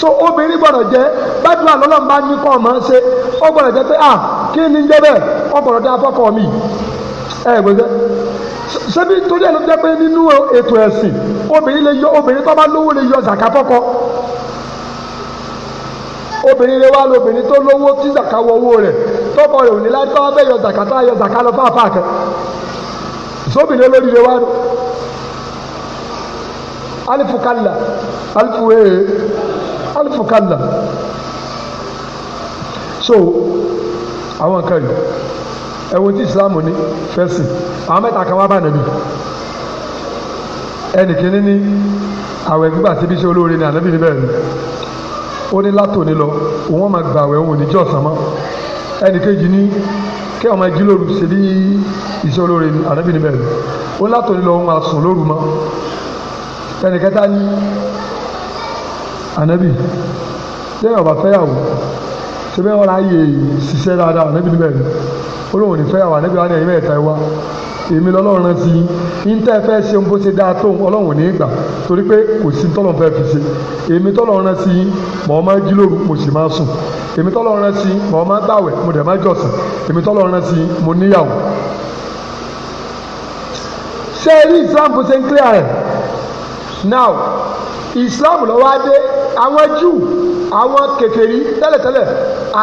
so obìnrin gbọ́dọ̀ jẹ́ bàdúrà lọ́lọ́run bá ní kọ́ ọmọ ṣe ọ gbọ́dọ̀ jẹ́ pé kí ni ń jẹ́ bẹ́ẹ̀ ọ gbọ́dọ̀ dá fọ́kọ mi ẹ gbọ́dọ̀ ṣebí torí ẹ̀ ló jẹ́ pé nínú ètò ẹ̀sìn obìnrin lè yọ obìnrin tó bá lówó lè yọ zàkà fọ́kọ obìnrin lè wá lóbìnrin tó lówó tí zàkà wọ owó rẹ̀ tọ́kọ rẹ̀ ò ní láti tọ́wọ́ bẹ́ẹ̀ yọ zàkà tó yọ zàkà lọ fáfáà kan sóbìnrin lórí lè wá alifu kalla alifu ee alifu kalla so àwọn kan yìí ẹ̀wọ̀n tí islam ní fẹ́sìn àwọn mẹ́ta kan wá bá nàbí ẹnì kìíní ní àwẹ̀ gbígbà síbi iṣẹ́ olóore ní ànábì níbẹ̀ ni ó ní látòní lọ òun máa gbà àwẹ̀ òun níjọ́ ọ̀sán mọ́ ẹnì kejì ní kí ọmọ ẹjí lóru ṣe bí olóore ní ànábì níbẹ̀ ni ó ní látòní lọ òun máa sùn lóru mọ́ ẹnì kẹta ní ànábì lẹ́yìn ọ̀bà fẹ́yàwó sẹ́bẹ̀ wọn láàyè ṣiṣẹ́ dáadáa ànábì níbẹ̀ ni ó lóun ní fẹ́yàwó ànábì wọn ní ẹ̀yìn mẹ́ta wa èmi lọ́lọ́run rántí yín tẹ́ fẹ́ ṣe bó ṣe dáa tó ọlọ́run ní gbà torí pé kò sí tọ́lọ̀ fẹ́ fi ṣe èmi tọ́lọ́run rántí yín mọ̀ ọ́ máa jí lóru mo sì máa sùn èmi tọ́lọ́run rántí yín mọ̀ ọ́ máa gbàwẹ̀ mo dẹ̀ máa jọ̀sìn èmi tọ́lọ́run rántí yín mo níyàwó. ṣé rí Islam bó ṣe ń clear rẹ̀ now Islam lọ́wọ́ adé àwọn Júù àwọn kèfèrí tẹ́lẹ̀tẹ́lẹ̀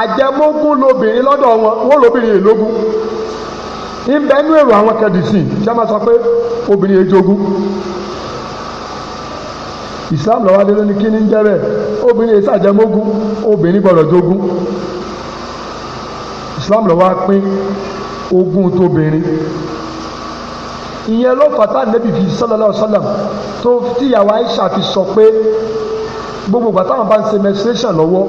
àjẹmógún lobìnrin lọ́dọ̀ wọn wọ́n lobìnrin ìlógún níbẹ̀ nú èrò àwọn kẹdìsì tí a máa sọ pé obìnrin èjogún Islam lọ́wọ́ adé lónìí kí ni ń jẹ́ bẹ́ẹ̀ obìnrin èsì àjẹmógún obìnrin gbọ́dọ̀ jogún Islam lọ́wọ́ á pín ogún tóbìnrin ìyẹn ló fàtà nẹ́bí fi sallallahu alaihi wasallam tó tíyàwó Aisha fi sọ pé gbogbo ìgbà táwọn bá ń ṣe menstruation lọ́wọ́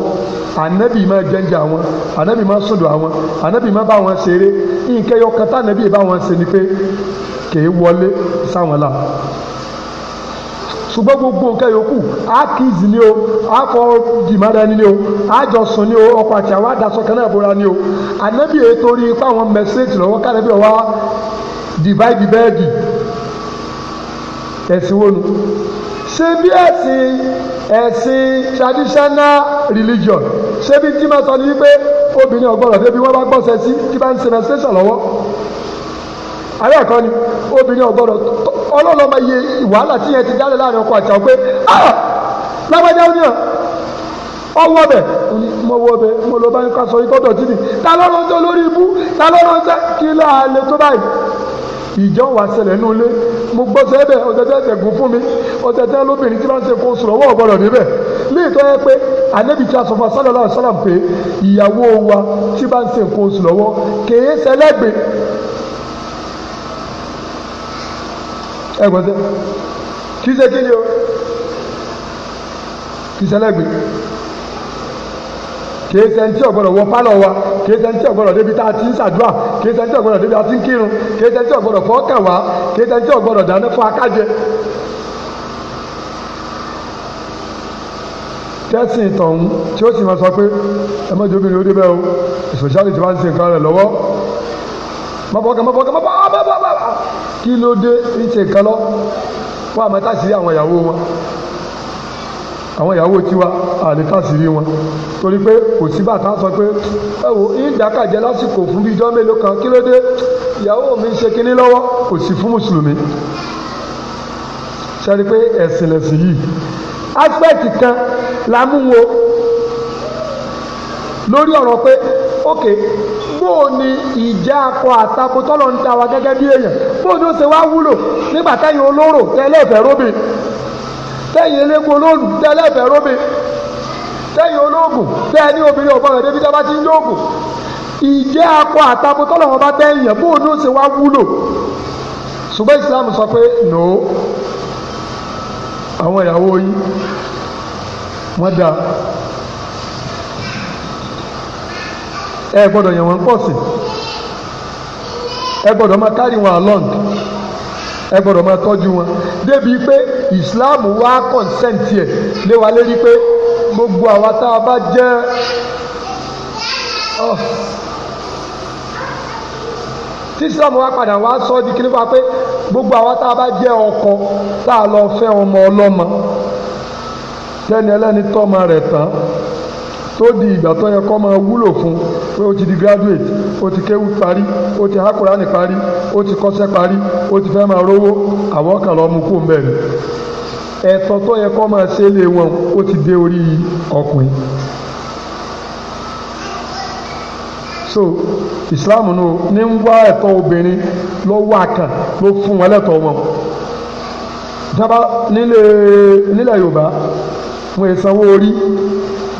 ànábì máa jẹ́njẹ́ àwọn ànábì máa sùndùn àwọn ànábì máa bá wọn ṣeré nǹkan ẹyọ kan tánábì bá wọn ṣe ni pé kèé wọlé sáwọn la ṣùgbọ́n gbogbo nǹkan yòókù á kíìzì ni o á kọ jìmọ́ra ẹni ni o á jọ sùn ni o ọkọ̀ àti àwọn àdàsọ kan náà bóra ni o ànábì ètò orí ipá àwọn mẹsẹ̀jì lọ́wọ́ kárẹ́bí ọ̀wá divide bẹ́ẹ̀dì ẹ̀sìn wónú ṣé bí ẹ̀sìn traditional religion ṣé bí tí máa sọ ni wípé obìnrin ọ̀gbọ́dọ̀ débi wọ́n bá gbọ́sẹ̀ sí tí bá ń ṣe menstruation lọ́wọ́ ààrẹ ẹ̀kọ́ ni obìnrin ọ̀gbọ́dọ̀ ọlọ́lọ́mọ iye wàhálà tí yẹn ti dálẹ̀ láàrin ọkọ àti àwọn pé ah lágbájá ó ní hàn ọwọ́ bẹ̀ mo wọ bẹ̀ mo lọ bá ń kásọ ikọ́ dọ̀tí ni ta lọ́rọ̀ ń tẹ́ lórí ibú ta lọ́rọ̀ ń tẹ́ kí láàlẹ́ tó báyìí ìjọ wà ṣẹlẹ̀ nínú ilé mo gbọ́ sẹ́bẹ̀ ọ̀tẹ̀tẹ̀ ẹ̀sẹ̀gùn fún mi ọ̀tẹ̀tẹ̀ lóbìnrin tí wọ́n ń ṣe kó sùrọ̀ wọ́n ọ̀gbọ́dọ̀ níbẹ̀ léètọ́ yẹ pé anabi tí a sọ fún asálọ́lá ọ̀sálàm pé ìyàwó wa tí bá ń ṣe nǹkan oṣù lọ́wọ́ kèé sẹlẹ́gbẹ̀ ẹ gbọ́n sẹ́ kí ṣe kí ni o kì í sẹlẹ́gbẹ̀ kìí sẹ́ni tí ọ̀gbọ́dọ̀ wọ pálọ̀ wa kìí sẹ́ni tí ọ̀gbọ́dọ̀ débi tá a ti ń ṣàdúrà kìí sẹ́ni tí ọ̀gbọ́dọ̀ débi tá a ti ń kírun kìí sẹ́ni tí ọ̀gbọ́dọ̀ fọ́ kàn wá kìí sẹ́ni tí ọ̀gbọ́dọ̀ dáná fún akájẹ. tẹ́sìn tọ̀hún tí ó sì máa sọ pé ẹ mọ́jú obìnrin ó débẹ̀ o especially tí wọ́n ń ṣe nǹkan rẹ̀ lọ́wọ́ mọ́bọ́gà mọ́bọ́gà mọ́bọ́gà àwọn ìyàwó tiwa àlétàsírí wọn torí pé kò sí bàtà sọ pé ẹ wò ìdàkàjẹ lásìkò fún bíjọ́ mélòó kan kí ló dé ìyàwó mi ṣe kinní lọ́wọ́ kò sí fún mùsùlùmí sẹ́ni pé ẹ̀sìn lẹ̀sìn yìí aspect kan la mú wo lórí ọ̀rọ̀ pé ok bóò ni ìjà akọ àtakò tọ́lọ̀ ń ta wa gẹ́gẹ́ bí èèyàn bóò ni ó ṣe wá wúlò nígbà táyà olóró tẹ́lẹ̀ ìfẹ́ róbìn tẹ́yìn eléko olóòlù tẹ́lẹ̀fẹ̀ róbe tẹ́yìn olóògùn tẹ́ẹ̀ní obìnrin ọ̀gbọ́n rẹ̀ débi tábà ti ń yóògùn ìjẹ́ akọ àtàkùn tọ́lọ̀wọ́n bá tẹ́yìn bó ní ó ṣe wá wúlò ṣùgbọ́n Islam sọ pé no àwọn ìyàwó yìí wọ́n dáa ẹ gbọ́dọ̀ yàn wọ́n pọ̀ sí ẹ gbọ́dọ̀ máa carry wọn along ẹ gbọ́dọ̀ máa tọ́jú wọn débi pé Islam wá kọ̀ǹsẹ̀ǹtì ẹ̀ lé wa lérí pé gbogbo àwa tá a bá jẹ́ oh, tí Islam wá padà wá sọ di kí ló fà pé gbogbo àwa tá a bá jẹ́ ọkọ tá a lọ fẹ́ ọmọ ọlọ́mọ tẹ́ni ẹlẹ́ni tọ́mọ rẹ̀ tán tó di ìgbà tó yẹ kọ́ máa wúlò fún un pé ó ti di graduate ó ti kéwú parí ó ti hákùránì parí ó ti kọ́ṣẹ́ parí ó ti fẹ́ máa rówó àwọn kan lọ́ọ́ mú kó ń bẹ̀rẹ̀ ẹ̀tọ́ tó yẹ kó máa ṣe lé wọn ó ti dé orí ọkùnrin. so islam nù ní ń wá ẹ̀tọ́ obìnrin ló wá kàn ló fún wọn lẹ́tọ̀ wọn dábà nílẹ̀ nílẹ̀ yorùbá wọn èsanwó orí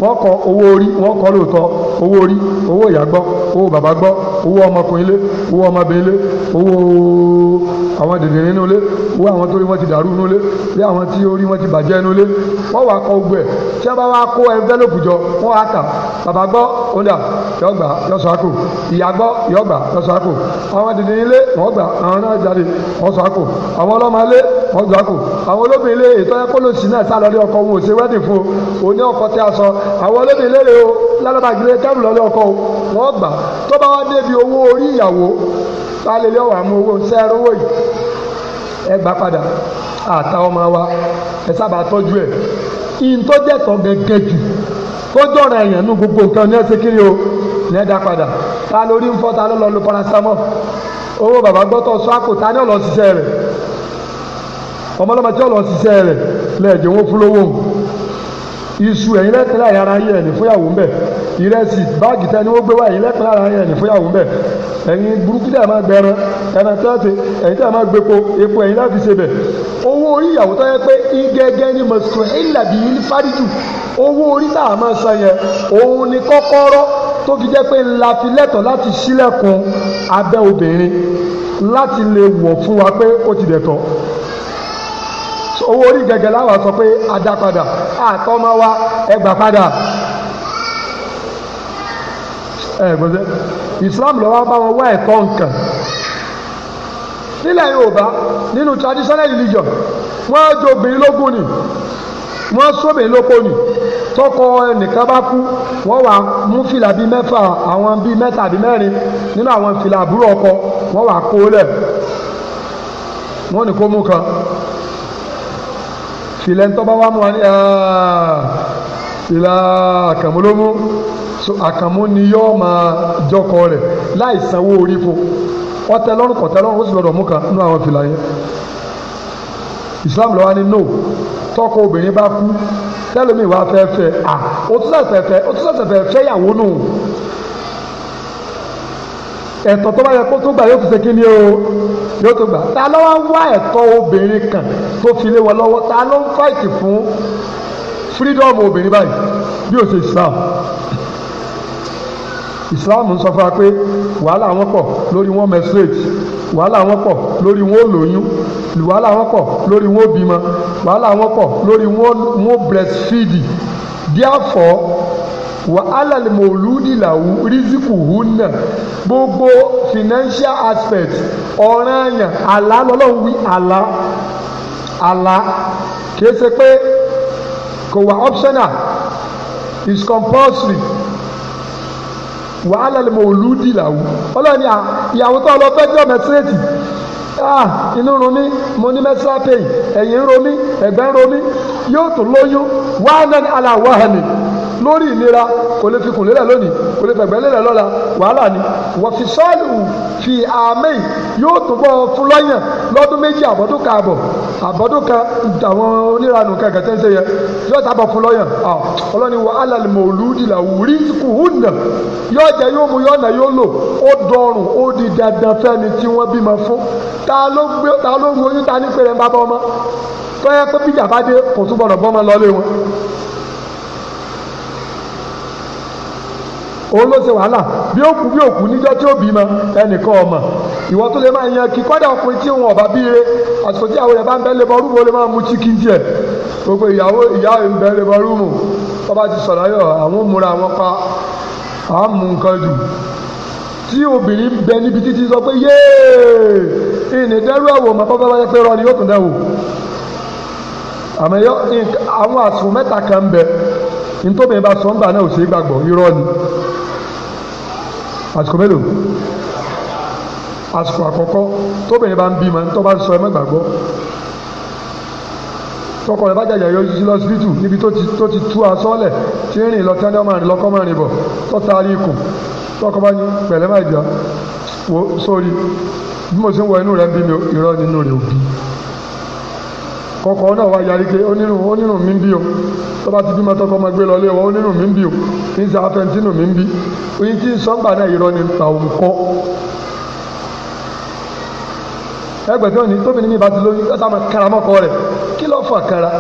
wọn kọ owó orí wọn kọ lóòótọ́ owó orí owó ìyá gbọ́ owó bàbá gbọ́ owó ọmọkùnrin ilé owó ọmọbìnrin ilé owó àwọn dèdè nínú ilé owó àwọn tó rí wọn ti dàrú nínú ilé bí àwọn tí orí wọn ti bàjẹ́ nínú ilé wọ́n wàá kọ gbogbo ẹ̀ tí wọ́n bá wá kó envelope jọ wọ́n wá tà bàbá gbọ́ ó dà yọ gbà yọ sọ àkò ìyá gbọ́ yọ gbà yọ sọ àkò àwọn dèdè ilé wọ́n gbà àwọn náà jáde wọ́n sọ àkò àwọn ọlọ́mọ ilé wọ́n sọ àkò àwọn olóbìn ilé ètò ẹ̀kọ́ lòsì náà sá lọ́lé ọkọ wọn ò ṣe wẹ́dìn fún o òní ọkọ tẹ́ aṣọ àwọn olóbìn ilé rè o lálọ́bàgìlẹ̀ kẹ́rù lọ́lé ọkọ o wọ́n gbà tó bá wá dé di owó orí ìyàwó ta lè lé ọ̀wà owó sẹ́ẹ̀rọ owó yìí ẹ gbà padà àtà ọmọ wa ẹ sábà tọ́jú ẹ̀ ìyìn tó jẹ́tọ̀ gẹ́gẹ́ jù tó jọ̀rọ̀ ẹ̀yàn nú gbogbo nǹkan ní ẹsẹ̀ kiri o ní ẹ dá padà ta lórí ń fọ́ ta ló lọ lu paracetamol owó bàbá gbọ́tọ̀ sọ àpò ta ní ọ̀lọ́ ṣiṣẹ́ rẹ̀ ọmọlọ́mọ tí ọ̀lọ́ ṣiṣẹ́ rẹ̀ lẹ́ẹ̀dẹ̀ fúlówó iṣu ẹ̀yin lẹ́tẹ̀lẹ́ àyàrá yín ẹ̀ní fúnyàwó ń bẹ̀ ìrẹsì báàgì tẹ́ ni wọ́n gbé wá ẹ̀yin lẹ́tẹ̀lẹ́ àyàrá yín ẹ̀ní fúnyàwó ń bẹ̀ ẹ̀yin burúkú tẹ́ ẹ̀ máa gbẹran ẹran tẹ́tẹ̀ ẹ̀yin tẹ́ ẹ̀ máa gbépo epo ẹ̀yin láti ṣe bẹ̀ owó orí ìyàwó tó yẹ pé gẹ́gẹ́ ni mọ̀sùn ẹ̀yìnlá bíi fáríjù owó orí tá a máa san yẹn òun ni kọ́kọ́rọ́ tó fi jẹ́ pé ńlá fi lẹ́tọ̀ọ́ láti ṣílẹ̀kùn abẹ́ obìnrin láti lè wọ̀ fún wa pé ó ti dẹ̀tọ̀ owó orí gẹ́gẹ́ láwọn sọ pé adá padà àtọ́ máa wá ẹgbà padà ẹ̀gbọ́nsẹ́ Islam lọ́wọ́ bá wọn wá ẹ̀kọ́ nǹkan nílẹ̀ Yorùbá nínú traditional religion wọ́n jobìnrin lógún ni wọ́n sóbìnrin lóko ni tọkọ ẹnìkan bá kú wọ́n wà mú fìlà bíi mẹ́fà àwọn bíi mẹ́ta àbí mẹ́rin nínú àwọn fìlà àbúrò ọkọ wọ́n wà kó lẹ̀ wọ́n ní kó mú kan ìlẹ́ntọ́ bá wà mọ́ ní ìlà ah, àkàmú so àkàmú ni yóò máa jọkọ rẹ̀ láì sanwó orí fún ọtẹ lọ́rùn kọtẹ lọ́rùn ó sì lọ́dọ̀ mú kan nínú àwọn fìlà yẹn Islam lọ́wọ́ ni no tọkọ obìnrin bá kú tẹlẹmi wà fẹ́ fẹ́ à ah, ó tún sẹ̀sẹ̀ fẹ́ ó tún sẹ̀sẹ̀ fẹ́ fẹ́ yàwó nù ẹ̀tọ́ tó bá yẹ kó tó gbà yóò tún ṣe kí ni o yóò tún gbà ta ló wá ń wá ẹ̀tọ́ obìnrin kan tó fi lé wọn lọ́wọ́ ta ló ń fáìtì fún fírídọ́ọ̀mù obìnrin báyìí bí o ṣe Islam Islam ń sọ fún wa pé wàhálà wọn pọ̀ lórí wọn mẹsírèètì wàhálà wọn pọ̀ lórí wọn lóyún wàhálà wọn pọ̀ lórí wọn bímọ wàhálà wọn pọ̀ lórí wọn breastfeed therefore wà alàlẹ́ mọ̀lúdì làwù rìzìkù hùnà gbogbo financial aspect ọ̀ranyàn àlá lọ́lọ́run wí àlá àlá kìí ṣe pé kò wà optional is compulsory wà alàlẹ́ mọ̀lúdì làwù ọlọ́ni ìyàwó tó lọ fẹ́ jọ mẹ́tírẹ́tì ah inú run mí mo ní mẹ́tírápẹ̀yì ẹ̀yìn ń ro mí ẹ̀gbẹ́ ń ro mí yóò tún lóyún wàhánà aláwàhánì lórí ìlera kò lè fi kùn lélẹ̀ lónìí kò lè fẹ̀gbẹ́ lélẹ̀ lọ́la wàhálà ni wọ̀fi sọ́ọ̀lù fi àmì yóò túbọ̀ fún lọ́yàn lọ́dún méjì àbọ̀dún kan àbọ̀ àbọ̀dún kan àwọn oníranù kankan tẹ́ ń ṣe yẹ yóò tábọ̀ fún lọ́yàn ọlọ́ni wọ alàlì mọ̀ọ́lù ìlà wùrí kùhùnà yóò jẹ yóò mu yóò yóò lò ó dọrùn ó di dandan fẹ́ni tí wọ́n bímọ fún ta ló gbé ta ló ru oyún ta ní pèrè ń bá bọ́ ọmọ tọ́yẹ pé bíjà bá dé kò túbọ̀ rọ̀ bọ́ ọmọ lọ́lé wọn. òun ló ṣe wàhálà bí ó kú bí ó kú níjọ́ tí ó bí mọ ẹnìkan ọmọ ìwọ tó lè máa yan kí kọ́dà ọkùnrin tí òun ọ̀bá bí ire àsìkò tí àwọn ìyàbá ń bẹ́ lébọ rúmù ó lè máa mu chicken díẹ̀ gbogbo ìyàwó ìyá ń bẹ́ lébọ rúmù tọ́ba ti sọ̀rọ̀ ayọ̀ àwọn múra àwọn pa àwọn mú nǹkan jù tí obìnrin bẹ níbi títí sọ pé yéè ìní dẹ́rù ẹ̀wò mọ́ pápá báyẹn pé rọ ni yóò tún dẹ́wò àmọ́ àwọn àsùnwó mẹ́ta kan ń bẹ ntòbìnrin bá sọ ń gbà náà ò ṣe é gbàgbọ́ irọ́ ni àsìkò mélòó àsìkò àkọ́kọ́ tóbìnrin bá ń bímọ tó bá ń sọ ẹ mọ́ gbàgbọ́ tọkọ rẹ bá jàjà yọ sí lọsibítù níbi tó ti tó ti tú asọ́lẹ̀ tí ń rìn lọ tí wọ́n máa rìn lọ́kọ́ máa rìn bọ̀ tó taari ikùn tọkọ bá ní pẹ̀lẹ́ máa jà wò sórí bí mo ṣe ń wọ inú rẹ bí mi irọ́ nínú rẹ òbí kọkọ náà wá yarí pé onírùn onírùn mi ń bí o tó bá ti bímọ tọkọ ọmọ gbé lọ lé wọn mi ń bí o kì í ṣe afẹntínù mi ń bí oyin tí ń sọ́ngbà náà irọ́ ni pa òun kọ́. ẹgbẹ́ tí wọ́n ní tóbi ní mi bá ti lóyún ẹ sáà máa kára mọ́kọ rẹ̀ kí ló fà kára.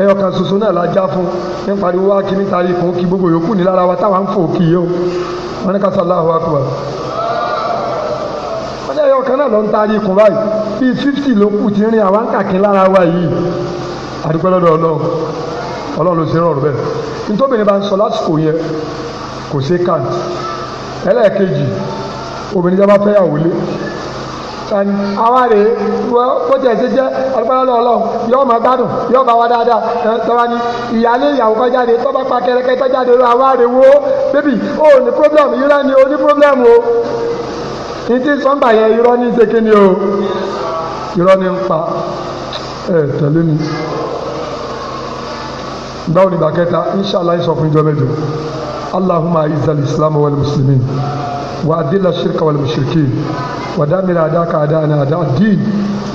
ẹyọ kan ṣoṣo náà la já fún ní pariwo wá kí ní tari kò kí gbogbo yòókù ní lára wa táwa ń fò kì í o wọn ní ká sọ Allahu Akbar kan náà ló ń taari ikùn báyìí bíi fifty ló kù ti rin àwa ń kàkín lára wa yìí àdúpẹ́ lọ́dọ̀ ọlọ́run ọlọ́run ló ṣe rọrùn bẹ́ẹ̀ nítòbìnrin bá ń sọ lásìkò yẹn kò ṣe kant ẹlẹ́ẹ̀kejì obìnrin jábá fẹ́ yàwó lé sani àwa rè é wọ́n bójú ẹ̀sìn jẹ́ ọlọ́pàá lọ́dọ̀ ọlọ́run yóò máa gbádùn yóò bá wa dáadáa tọ́ba ni ìyáálé ìyàwó kan jáde tọ́ba pa kẹrẹkẹ tọ́jáde àwa rè wo bébì ó ní pírọ́blẹ́mù yìí rẹ́ ni ó ní pírọ́blẹ́mù o ní tí sọ́ńbà yẹn irọ́ ní ṣe kí ni o irọ́ ní ń pa ẹ tẹ̀lé mi báwo ni bàkẹ́ta inṣàlá ń sọ fún ìjọ mẹ́jọ allahumma aizal islam wal muslimin wa adilla shirka wal mushrikin wa damir adaka adana ada din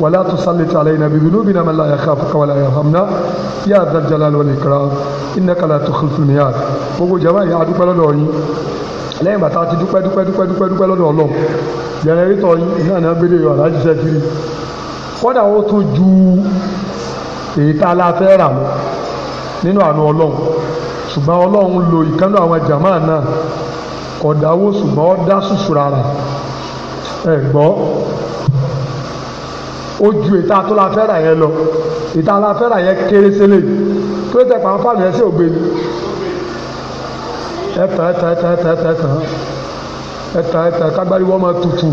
ولا تسلط علينا بذنوبنا من لا يخافك ولا يرحمنا يا ذا الجلال والإكرام إنك لا تخلف الميعاد gbogbo jama yìí adúpẹ́ lọ́dọ̀ yín lẹ́yìn ìgbà tá a ti dúpẹ́ dúpẹ́ dúpẹ́ dúpẹ́ dúpẹ́ lọ́dọ̀ ọlọ́run jẹnẹrétọ̀ yìí náà ní abẹ́lé yọ àdájú iṣẹ́ kiri kọ́dà ó tún ju èyí tá a la fẹ́ rà mọ́ nínú àánú ọlọ́run ṣùgbọ́n ọlọ́run lo ìkánú àwọn jàmá náà kọ̀dáwó ṣùgbọ́n ó dá sùsù rárá ẹ̀ gbọ́ ó ju èyí tá a tó la fẹ́ rà yẹn lọ èyí tá a la fẹ́ rà yẹn kéré sílẹ̀ tó tẹ̀ pàápàá yẹn sí ògbéni ẹ̀tàn ẹ̀tàn ẹ̀tàn ẹ̀tàn ẹ̀tàn ẹ̀tàn ẹ̀tàn ẹ̀tàn kágbáríwọ́ máa tutù.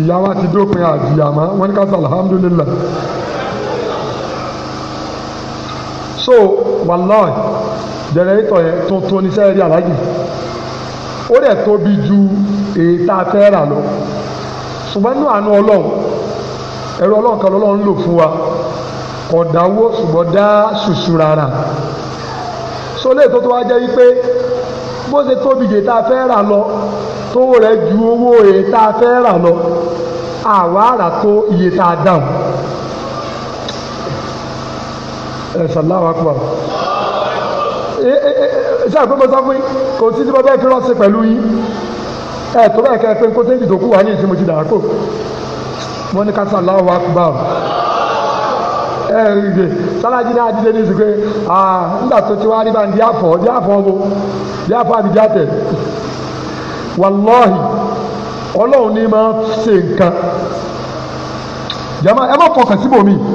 ìyá wa ti dópin àjìyàmá wọn ní ká sọ alhamdulillah. so wàláì jẹrẹtọ yẹn tuntun ní sẹ́ẹ̀rì alájì ó dẹ̀ tóbi ju èyí tá a fẹ́ rà lọ ṣùgbọ́n ní àánú ọlọ́run ẹ̀rọ ọlọ́run kan lọ́lọ́run lò fún wa kọ̀dáwó ṣùgbọ́n dá ṣùṣù rárá sólè tó tó wá jẹ́ wípé bó ṣe tóbi jù tá a fẹ́ rà lọ tówó rẹ̀ ju owó èyí tá a fẹ́ rà lọ àwa rà tó iye tá a dáhùn ẹ̀sàláwà pọ̀ ṣé àgbẹ̀mọ̀ sọ fún yín kò sí tí mo bẹ́ẹ̀ fi rọ́ọ̀sì pẹ̀lú yín ẹ̀ tó bẹ́ẹ̀ kẹ́ ẹ pé kó tẹ́jì tó kù wá ní ìsinmi ti dàrá kò wọ́n ní ká sàláwà pọ̀ erize eh, salaji na-adịde n'izugbe ah, ndatochiwarịba ndị afọ dị afọ mbụ dị afọ abidjate wàlọ́ọ̀hì ọlọ́run ní máa ṣe nǹkan jama ẹ má fọkàn síbòmíì.